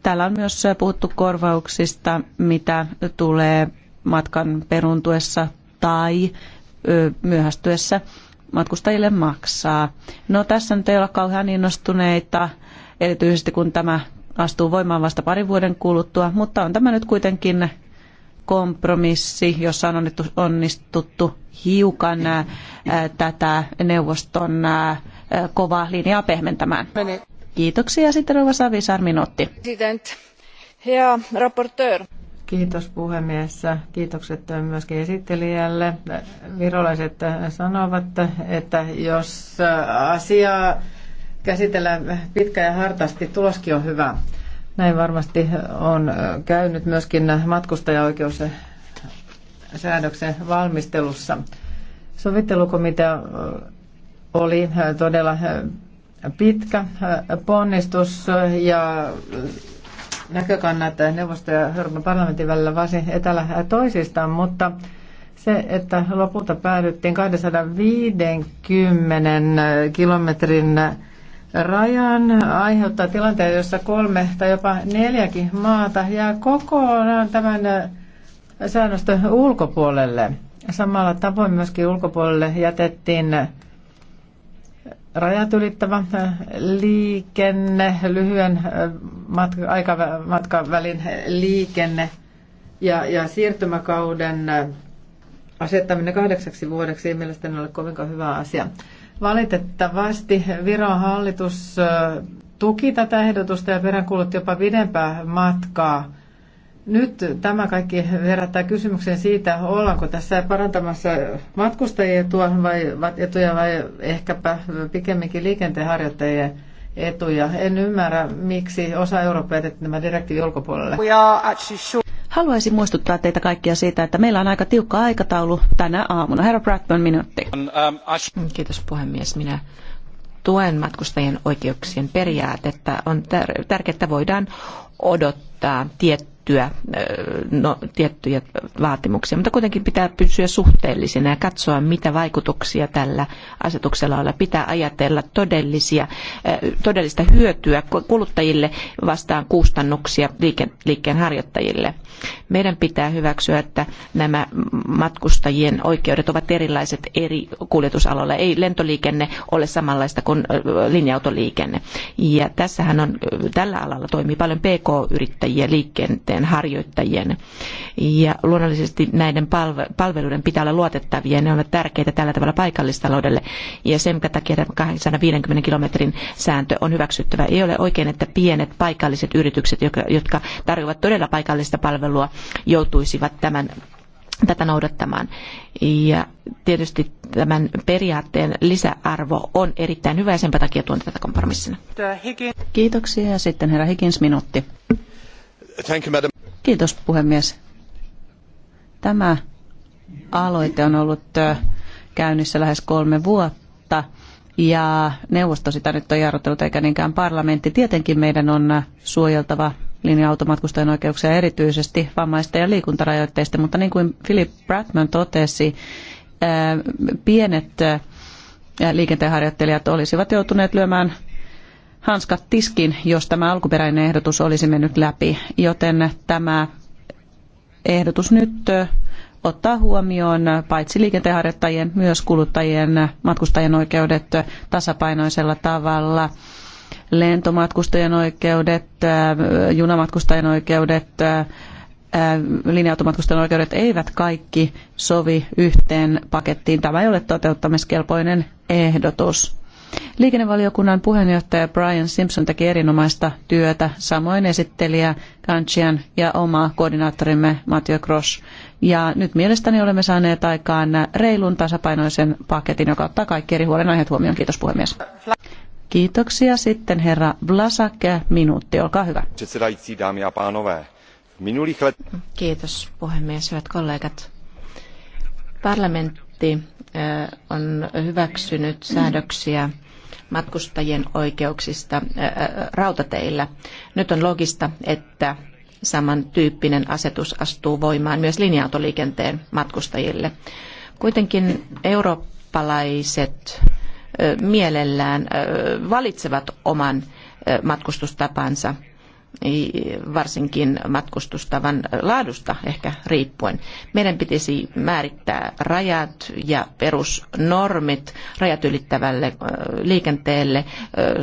Täällä on myös puhuttu korvauksista, mitä tulee matkan peruntuessa tai myöhästyessä matkustajille maksaa. No tässä nyt ei olla kauhean innostuneita, erityisesti kun tämä astuu voimaan vasta parin vuoden kuluttua, mutta on tämä nyt kuitenkin kompromissi, jossa on onnistuttu hiukan tätä neuvoston kovaa linjaa pehmentämään. Kiitoksia sitten Rova Savisaar minuutti. Hea raportöör. Kiitos puhemies. Kiitokset myöskin esittelijälle. Virolaiset sanovat, että jos asiaa käsitellään pitkä ja hartaasti, tuloskin on hyvä. Näin varmasti on käynyt myöskin säädöksen valmistelussa. Sovittelukomitea oli todella pitkä ponnistus ja näkökannat neuvosto ja Euroopan parlamentin välillä varsin etälä toisistaan, mutta se, että lopulta päädyttiin 250 kilometrin rajan aiheuttaa tilanteen, jossa kolme tai jopa neljäkin maata jää kokonaan tämän äh, säännöstön ulkopuolelle. Samalla tavoin myöskin ulkopuolelle jätettiin äh, rajat ylittävä äh, liikenne, lyhyen aikavälin liikenne ja, ja siirtymäkauden asettaminen kahdeksaksi vuodeksi ei mielestäni ole kovinkaan hyvä asia. Valitettavasti Viron hallitus tuki tätä ehdotusta ja peräänkuulutti jopa pidempää matkaa. Nyt tämä kaikki herättää kysymyksen siitä, ollaanko tässä parantamassa matkustajien etua vai, etuja vai ehkäpä pikemminkin liikenteenharjoittajien etuja. En ymmärrä, miksi osa Eurooppaa jätettiin tämä direktiivi ulkopuolelle. Haluaisin muistuttaa teitä kaikkia siitä, että meillä on aika tiukka aikataulu tänä aamuna. Herra Bradburn, minuutti. Um, Kiitos puhemies. Minä tuen matkustajien oikeuksien periaatetta. On tär- tärkeää, että voidaan odottaa tiettyä tiettyä, no, tiettyjä vaatimuksia, mutta kuitenkin pitää pysyä suhteellisena ja katsoa, mitä vaikutuksia tällä asetuksella on. Pitää ajatella todellisia, todellista hyötyä kuluttajille vastaan kustannuksia liike, liikkeen harjoittajille. Meidän pitää hyväksyä, että nämä matkustajien oikeudet ovat erilaiset eri kuljetusaloilla. Ei lentoliikenne ole samanlaista kuin linja-autoliikenne. Ja tässähän on, tällä alalla toimii paljon pk-yrittäjiä liikkeen liikenteen harjoittajien. Ja luonnollisesti näiden palveluiden pitää olla luotettavia, ne ovat tärkeitä tällä tavalla paikallistaloudelle. Ja sen takia tämä 850 kilometrin sääntö on hyväksyttävä. Ei ole oikein, että pienet paikalliset yritykset, jotka tarjoavat todella paikallista palvelua, joutuisivat tämän tätä noudattamaan. Ja tietysti tämän periaatteen lisäarvo on erittäin hyvä ja sen takia tuon tätä kompromissina. Kiitoksia ja sitten herra Higgins minuutti. Kiitos puhemies. Tämä aloite on ollut käynnissä lähes kolme vuotta ja neuvosto sitä nyt on jarrutellut eikä niinkään parlamentti. Tietenkin meidän on suojeltava linja-automatkustajien oikeuksia erityisesti vammaisten ja liikuntarajoitteisten, mutta niin kuin Philip Bradman totesi, pienet liikenteenharjoittelijat olisivat joutuneet lyömään hanskat tiskin, jos tämä alkuperäinen ehdotus olisi mennyt läpi, joten tämä ehdotus nyt ottaa huomioon paitsi liikenteenharjoittajien, myös kuluttajien, matkustajien oikeudet tasapainoisella tavalla lentomatkustajien oikeudet, junamatkustajien oikeudet, linja-automatkustajien oikeudet eivät kaikki sovi yhteen pakettiin. Tämä ei ole toteuttamiskelpoinen ehdotus. Liikennevaliokunnan puheenjohtaja Brian Simpson teki erinomaista työtä, samoin esittelijä Kanchian ja oma koordinaattorimme Mathieu Grosch. Ja nyt mielestäni olemme saaneet aikaan reilun tasapainoisen paketin, joka ottaa kaikki eri huolenaiheet huomioon. Kiitos puhemies. Kiitoksia. Sitten herra Vlasak, minuutti, olkaa hyvä. Kiitos puhemies, hyvät kollegat. Parlamentti on hyväksynyt säädöksiä matkustajien oikeuksista rautateillä. Nyt on logista, että samantyyppinen asetus astuu voimaan myös linja-autoliikenteen matkustajille. Kuitenkin eurooppalaiset mielellään valitsevat oman matkustustapansa varsinkin matkustustavan laadusta ehkä riippuen. Meidän pitäisi määrittää rajat ja perusnormit rajat ylittävälle liikenteelle,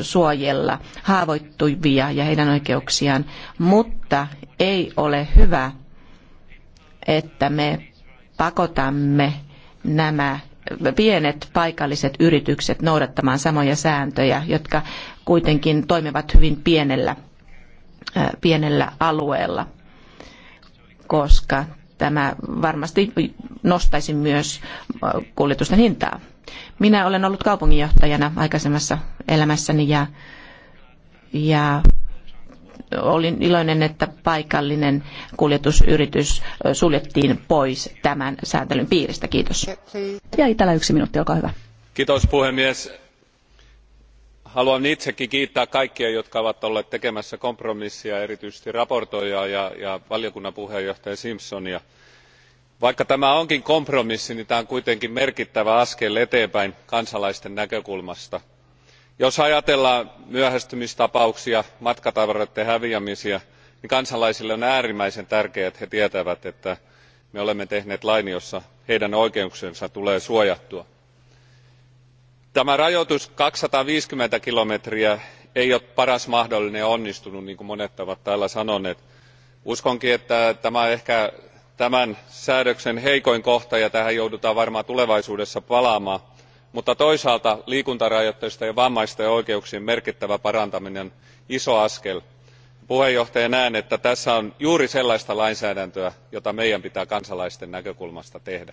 suojella haavoittuvia ja heidän oikeuksiaan, mutta ei ole hyvä, että me pakotamme nämä pienet paikalliset yritykset noudattamaan samoja sääntöjä, jotka kuitenkin toimivat hyvin pienellä pienellä alueella, koska tämä varmasti nostaisi myös kuljetusten hintaa. Minä olen ollut kaupunginjohtajana aikaisemmassa elämässäni ja, ja olin iloinen, että paikallinen kuljetusyritys suljettiin pois tämän sääntelyn piiristä. Kiitos. Ja Itälä yksi minuutti, olkaa hyvä. Kiitos puhemies haluan itsekin kiittää kaikkia jotka ovat olleet tekemässä kompromissia erityisesti esittelijää ja valiokunnan puheenjohtaja simpsonia. vaikka tämä onkin kompromissi niin tämä on kuitenkin merkittävä askel eteenpäin kansalaisten näkökulmasta. jos ajatellaan myöhästymistapauksia matkatavaroiden häviämisiä niin kansalaisille on äärimmäisen tärkeää että he tietävät että me olemme tehneet lain jossa heidän oikeuksiensa tulee suojattua tämä rajoitus kaksisataaviisikymmentä kilometriä ei ole paras mahdollinen ja onnistunut niin kuin monet ovat täällä sanoneet. uskonkin että tämä on ehkä tämän säädöksen heikoin kohta ja tähän joudutaan varmaan tulevaisuudessa palaamaan mutta toisaalta liikuntarajoitteisten ja vammaisten oikeuksien merkittävä parantaminen on iso askel. puheenjohtaja näen että tässä on juuri sellaista lainsäädäntöä jota meidän pitää kansalaisten näkökulmasta tehdä.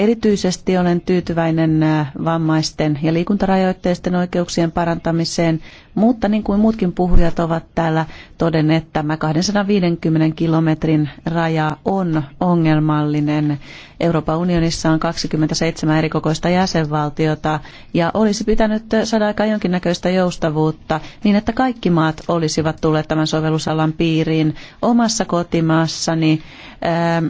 Erityisesti olen tyytyväinen äh, vammaisten ja liikuntarajoitteisten oikeuksien parantamiseen, mutta niin kuin muutkin puhujat ovat täällä todenneet, tämä 250 kilometrin raja on ongelmallinen. Euroopan unionissa on 27 erikokoista jäsenvaltiota ja olisi pitänyt saada aika jonkinnäköistä joustavuutta niin, että kaikki maat olisivat tulleet tämän sovellusalan piiriin omassa kotimaassani. Ää, ähm,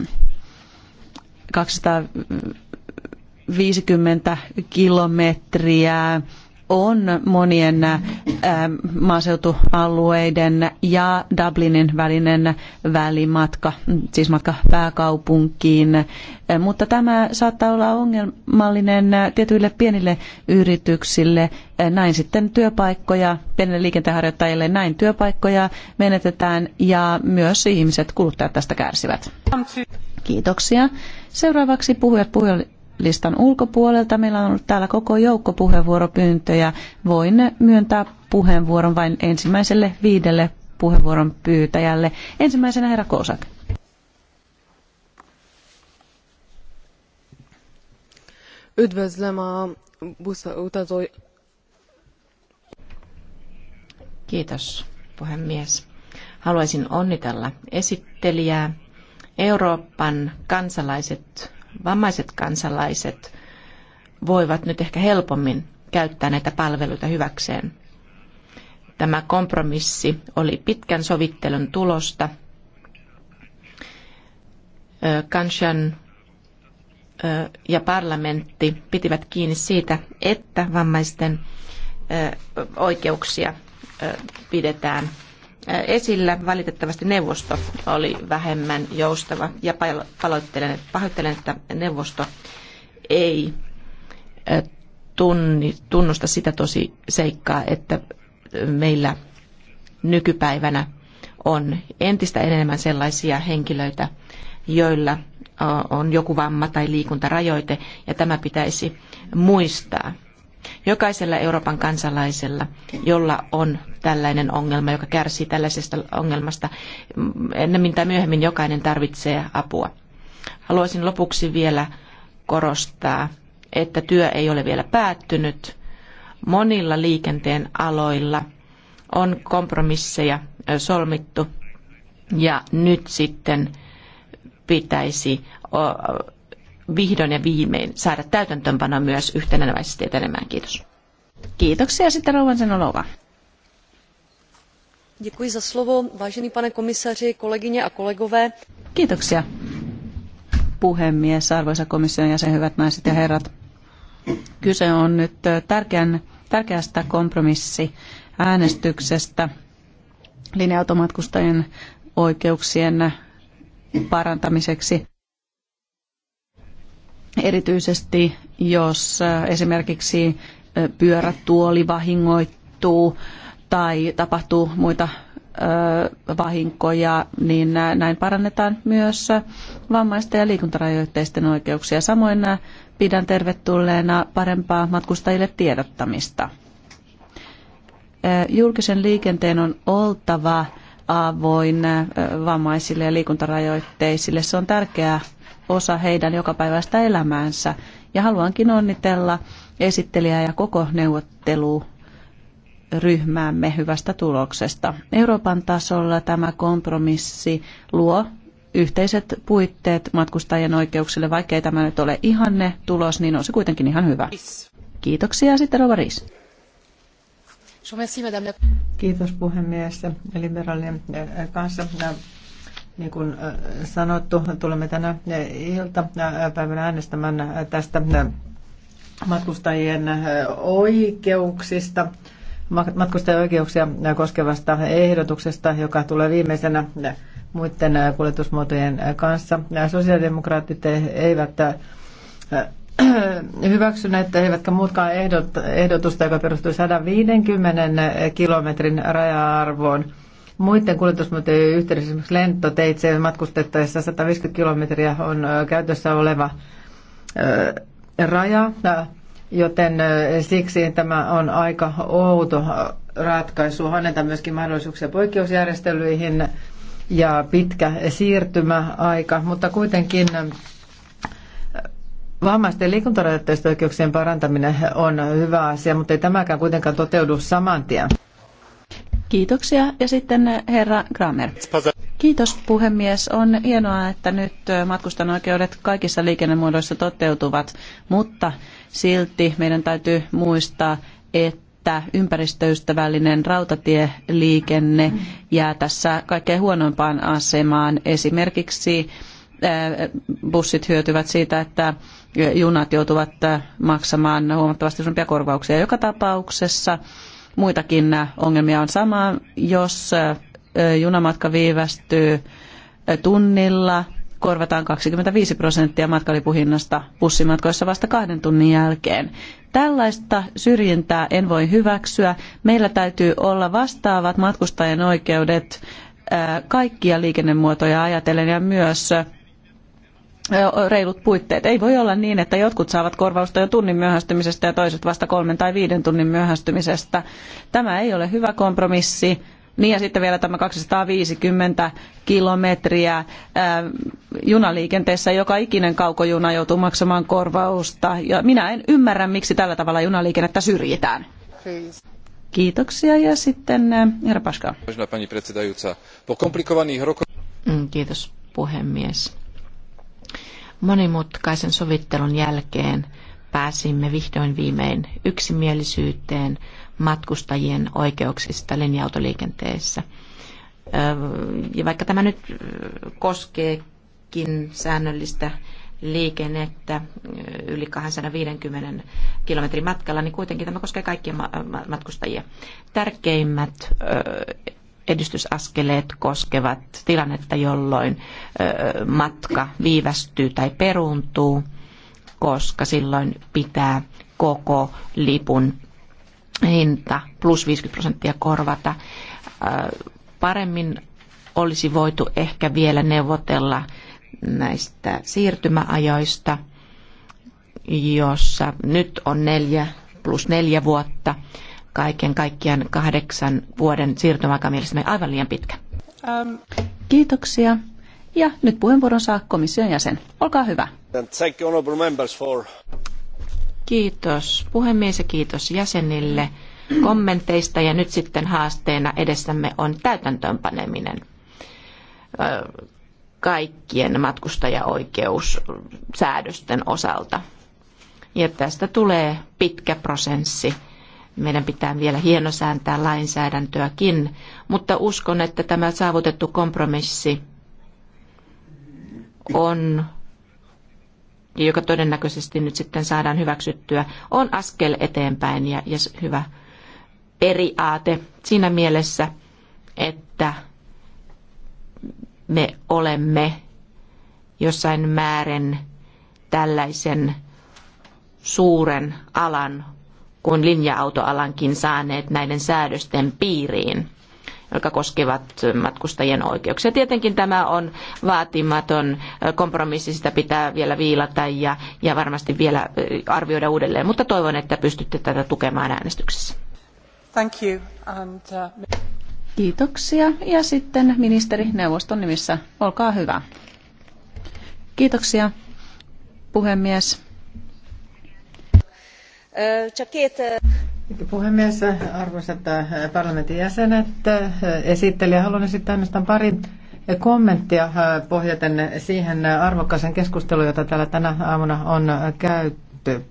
250 kilometriä on monien maaseutualueiden ja Dublinin välinen välimatka, siis matka pääkaupunkiin. Mutta tämä saattaa olla ongelmallinen tietyille pienille yrityksille. Näin sitten työpaikkoja, pienille liikenteenharjoittajille näin työpaikkoja menetetään ja myös ihmiset kuluttajat tästä kärsivät. Kiitoksia. Seuraavaksi puhujat puhujat listan ulkopuolelta. Meillä on ollut täällä koko joukko puheenvuoropyyntöjä. Voin myöntää puheenvuoron vain ensimmäiselle viidelle puheenvuoron pyytäjälle. Ensimmäisenä herra Kosak. Üdvözlöm a buszutazó... Kiitos, puhemies. Haluaisin onnitella esittelijää. Euroopan kansalaiset vammaiset kansalaiset voivat nyt ehkä helpommin käyttää näitä palveluita hyväkseen. Tämä kompromissi oli pitkän sovittelun tulosta. Kansian ja parlamentti pitivät kiinni siitä, että vammaisten oikeuksia pidetään Äh, esillä. Valitettavasti neuvosto oli vähemmän joustava ja paloittelen, pahoittelen, että neuvosto ei äh, tunni, tunnusta sitä tosi seikkaa, että äh, meillä nykypäivänä on entistä enemmän sellaisia henkilöitä, joilla on joku vamma tai liikuntarajoite, ja tämä pitäisi muistaa. Jokaisella Euroopan kansalaisella, jolla on tällainen ongelma, joka kärsii tällaisesta ongelmasta, ennemmin tai myöhemmin jokainen tarvitsee apua. Haluaisin lopuksi vielä korostaa, että työ ei ole vielä päättynyt. Monilla liikenteen aloilla on kompromisseja solmittu ja nyt sitten pitäisi vihdoin ja viimein saada täytäntöönpano myös yhteneväisesti etenemään. Kiitos. Kiitoksia sitten Rouvan Senolova. Děkuji za slovo, vážený pane komisaři, kolegyně a kolegové. Kiitoksia, puhemies, arvoisa komission jäsen, hyvät naiset ja herrat. Kyse on nyt tärkeän, tärkeästä äänestyksestä linja-automatkustajien oikeuksien parantamiseksi erityisesti jos äh, esimerkiksi äh, pyörätuoli vahingoittuu tai tapahtuu muita äh, vahinkoja, niin näin parannetaan myös vammaisten ja liikuntarajoitteisten oikeuksia. Samoin pidän tervetulleena parempaa matkustajille tiedottamista. Julkisen liikenteen on oltava avoin vammaisille ja liikuntarajoitteisille. Se on tärkeää osa heidän jokapäiväistä elämäänsä. Ja haluankin onnitella esittelijää ja koko neuvottelu ryhmäämme hyvästä tuloksesta. Euroopan tasolla tämä kompromissi luo yhteiset puitteet matkustajien oikeuksille, ei tämä nyt ole ihanne tulos, niin on se kuitenkin ihan hyvä. Kiitoksia sitten Rova Riis. Kiitos puhemies. Liberaalien eh, kanssa niin kuin äh, sanottu, tulemme tänä äh, iltapäivänä äh, äänestämään tästä matkustajien oikeuksista, matkustajien oikeuksia koskevasta ehdotuksesta, joka tulee viimeisenä muiden kuljetusmuotojen kanssa. Sosiaalidemokraatit eivät hyväksyneet, eivätkä muutkaan ehdotusta, joka perustuu 150 kilometrin raja-arvoon Muiden kuljetusmuotojen yhteydessä esimerkiksi lentoteitse matkustettaessa 150 kilometriä on käytössä oleva raja, joten siksi tämä on aika outo ratkaisu. Annetaan myöskin mahdollisuuksia poikkeusjärjestelyihin ja pitkä siirtymäaika, mutta kuitenkin Vammaisten liikuntarajoitteisten oikeuksien parantaminen on hyvä asia, mutta ei tämäkään kuitenkaan toteudu saman tien. Kiitoksia. Ja sitten eh, herra Kramer. Kiitos puhemies. On hienoa, että nyt eh, matkustanoikeudet kaikissa liikennemuodoissa toteutuvat, mutta silti meidän täytyy muistaa, että ympäristöystävällinen rautatieliikenne jää tässä kaikkein huonoimpaan asemaan. Esimerkiksi eh, bussit hyötyvät siitä, että junat joutuvat maksamaan huomattavasti suurempia korvauksia. Joka tapauksessa muitakin äh, ongelmia on sama, jos äh, äh, junamatka viivästyy tunnilla, korvataan 25 prosenttia matkalipuhinnasta bussimatkoissa vasta kahden tunnin jälkeen. Tällaista syrjintää en voi hyväksyä. Meillä täytyy olla vastaavat matkustajien oikeudet kaikkia liikennemuotoja ajatellen ja myös reilut puitteet. Ei voi olla niin, että jotkut saavat korvausta jo tunnin myöhästymisestä ja toiset vasta kolmen tai viiden tunnin myöhästymisestä. Tämä ei ole hyvä kompromissi. Niin ja sitten vielä tämä 250 kilometriä ää, junaliikenteessä joka ikinen kaukojuna joutuu maksamaan korvausta. Ja minä en ymmärrä, miksi tällä tavalla junaliikennettä syrjitään. Kiitoksia ja sitten herra Paska. Mm, kiitos puhemies Monimutkaisen sovittelun jälkeen pääsimme vihdoin viimein yksimielisyyteen matkustajien oikeuksista linja-autoliikenteessä. Ja vaikka tämä nyt koskeekin säännöllistä liikennettä yli 250 kilometrin matkalla, niin kuitenkin tämä koskee kaikkia matkustajia. Tärkeimmät edistysaskeleet koskevat tilannetta, jolloin matka viivästyy tai peruuntuu, koska silloin pitää koko lipun hinta plus 50 prosenttia korvata. Paremmin olisi voitu ehkä vielä neuvotella näistä siirtymäajoista, jossa nyt on neljä plus neljä vuotta – kaiken kaikkiaan kahdeksan vuoden siirtymäaika mielestäni aivan liian pitkä. Um. Kiitoksia. Ja nyt puheenvuoron saa komission jäsen. Olkaa hyvä. Kiitos puhemies ja kiitos jäsenille kommenteista ja nyt sitten haasteena edessämme on täytäntöönpaneminen kaikkien matkustajaoikeussäädösten osalta. Ja tästä tulee pitkä prosessi meidän pitää vielä hienosääntää lainsäädäntöäkin, mutta uskon, että tämä saavutettu kompromissi on joka todennäköisesti nyt sitten saadaan hyväksyttyä, on askel eteenpäin ja, ja hyvä periaate siinä mielessä, että me olemme jossain määrin tällaisen suuren alan kuin linja-autoalankin saaneet näiden säädösten piiriin jotka koskevat matkustajien oikeuksia. Tietenkin tämä on vaatimaton kompromissi, sitä pitää vielä viilata ja, ja varmasti vielä äh, arvioida uudelleen, mutta toivon, että pystytte tätä tukemaan äänestyksessä. Thank you. And, uh... Kiitoksia. Ja sitten ministeri neuvoston nimissä, olkaa hyvä. Kiitoksia, puhemies. Puhemies, arvoisat parlamentin jäsenet, esittelijä, haluan esittää ainoastaan pari kommenttia pohjaten siihen arvokkaaseen keskusteluun, jota täällä tänä aamuna on käyty.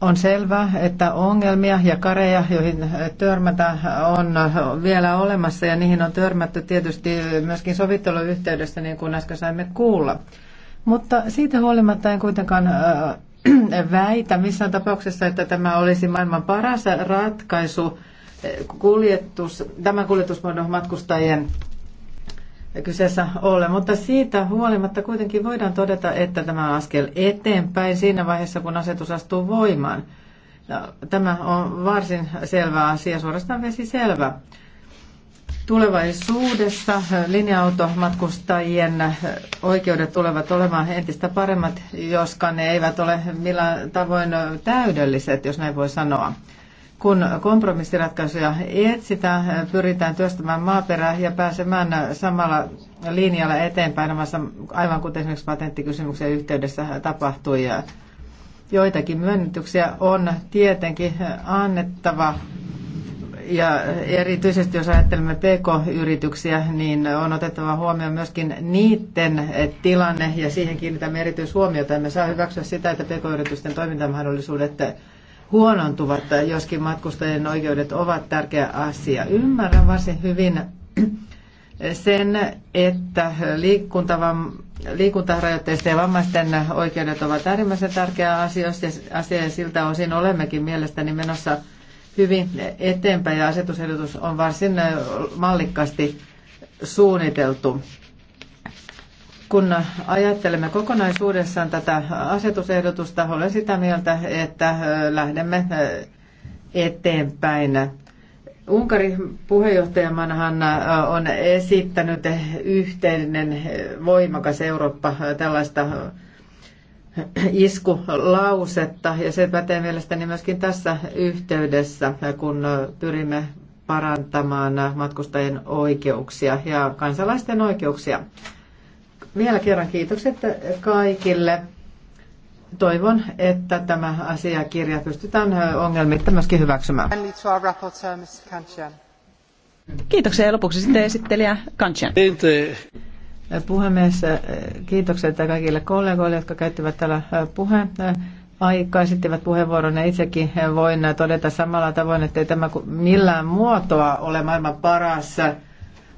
On selvää, että ongelmia ja kareja, joihin törmätä on vielä olemassa ja niihin on törmätty tietysti myöskin sovitteluyhteydessä, niin kuin äsken saimme kuulla. Mutta siitä huolimatta en kuitenkaan väitä missään tapauksessa, että tämä olisi maailman paras ratkaisu eh, kuljetus, tämän kuljetusmuodon matkustajien kyseessä ole, mutta siitä huolimatta kuitenkin voidaan todeta, että tämä on askel eteenpäin siinä vaiheessa, kun asetus astuu voimaan. Tämä on varsin selvä asia, suorastaan vesi selvä. Tulevaisuudessa linja-automatkustajien oikeudet tulevat olemaan entistä paremmat, joskaan ne eivät ole millään tavoin täydelliset, jos näin voi sanoa. Kun kompromissiratkaisuja etsitään, pyritään työstämään maaperää ja pääsemään samalla linjalla eteenpäin, aivan kuten esimerkiksi patenttikysymyksen yhteydessä tapahtui. Joitakin myönnytyksiä on tietenkin annettava ja erityisesti jos ajattelemme pk-yrityksiä, niin on otettava huomioon myöskin niiden tilanne ja siihen kiinnitämme erityishuomiota. me saa hyväksyä sitä, että pk-yritysten toimintamahdollisuudet huonontuvat, joskin matkustajien oikeudet ovat tärkeä asia. Ymmärrän varsin hyvin sen, että liikkuntavam, liikuntarajoitteisten ja vammaisten oikeudet ovat äärimmäisen tärkeä asia, asia ja siltä osin olemmekin mielestäni menossa – hyvin eteenpäin ja asetusehdotus on varsin äh, mallikkaasti suunniteltu. Kun ajattelemme kokonaisuudessaan tätä asetusehdotusta, olen sitä mieltä, että äh, lähdemme äh, eteenpäin. Unkarin puheenjohtajamanhan on esittänyt yhteinen voimakas Eurooppa tällaista iskulausetta ja se pätee mielestäni myöskin tässä yhteydessä, kun pyrimme parantamaan matkustajien oikeuksia ja kansalaisten oikeuksia. Vielä kerran kiitokset kaikille. Toivon, että tämä asiakirja pystytään ongelmitta myöskin hyväksymään. Kiitoksia ja lopuksi sitten esittelijä Kanchian. Puhemies, kiitokset kaikille kollegoille, jotka käyttivät täällä puheen aikaa esittivät puheenvuoron ja itsekin voin todeta samalla tavoin, että ei tämä millään muotoa ole maailman paras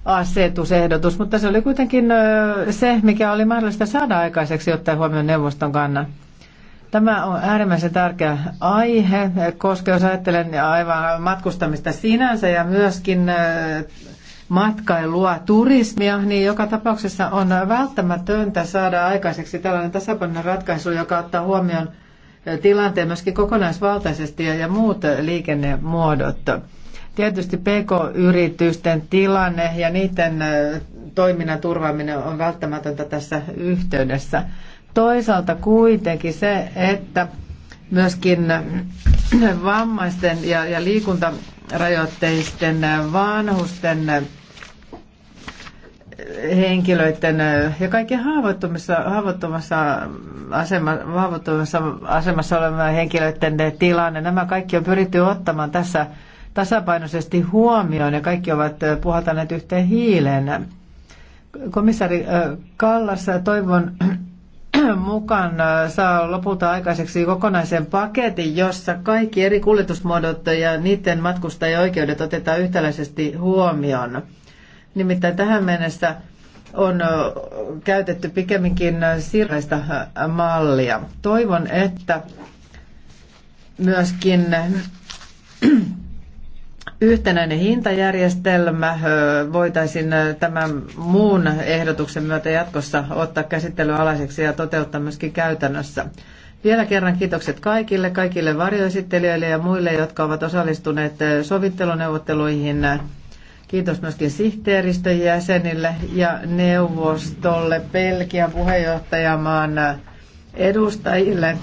asetusehdotus, mutta se oli kuitenkin se, mikä oli mahdollista saada aikaiseksi ottaen huomioon neuvoston kannan. Tämä on äärimmäisen tärkeä aihe, koska jos ajattelen niin aivan matkustamista sinänsä ja myöskin matkailua, turismia, niin joka tapauksessa on välttämätöntä saada aikaiseksi tällainen tasapainoinen ratkaisu, joka ottaa huomioon eh, tilanteen myöskin kokonaisvaltaisesti ja muut liikennemuodot. Tietysti PK-yritysten tilanne ja niiden eh, toiminnan turvaaminen on välttämätöntä tässä yhteydessä. Toisaalta kuitenkin se, että myöskin eh, vammaisten ja, ja liikuntarajoitteisten vanhusten henkilöiden ja kaikkien haavoittumassa, haavoittumassa, asema, haavoittumassa asemassa olevien henkilöiden tilanne. Nämä kaikki on pyritty ottamaan tässä tasapainoisesti huomioon ja kaikki ovat puhaltaneet yhteen hiileen. Komissari Kallas, toivon mukaan saa lopulta aikaiseksi kokonaisen paketin, jossa kaikki eri kuljetusmuodot ja niiden matkustajien oikeudet otetaan yhtäläisesti huomioon. Nimittäin tähän mennessä on käytetty pikemminkin siirreistä mallia. Toivon, että myöskin yhtenäinen hintajärjestelmä voitaisiin tämän muun ehdotuksen myötä jatkossa ottaa käsittelyalaiseksi ja toteuttaa myöskin käytännössä. Vielä kerran kiitokset kaikille, kaikille varjoesittelijöille ja muille, jotka ovat osallistuneet sovitteluneuvotteluihin Kiitos myöskin sihteeristön jäsenille ja neuvostolle Belgian puheenjohtajamaan edustajille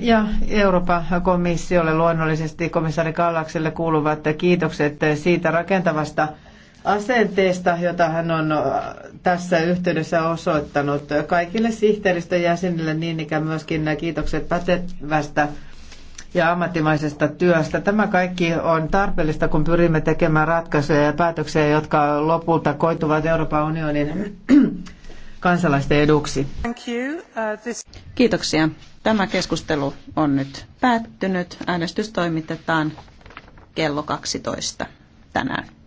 ja Euroopan komissiolle luonnollisesti komissaari Kallakselle kuuluvat kiitokset siitä rakentavasta asenteesta, jota hän on tässä yhteydessä osoittanut kaikille sihteeristön jäsenille, niin ikään myöskin kiitokset pätevästä ja ammattimaisesta työstä. Tämä kaikki on tarpeellista, kun pyrimme tekemään ratkaisuja ja päätöksiä, jotka lopulta koituvat Euroopan unionin kansalaisten eduksi. Uh, Kiitoksia. Tämä keskustelu on nyt päättynyt. Äänestys toimitetaan kello 12 tänään.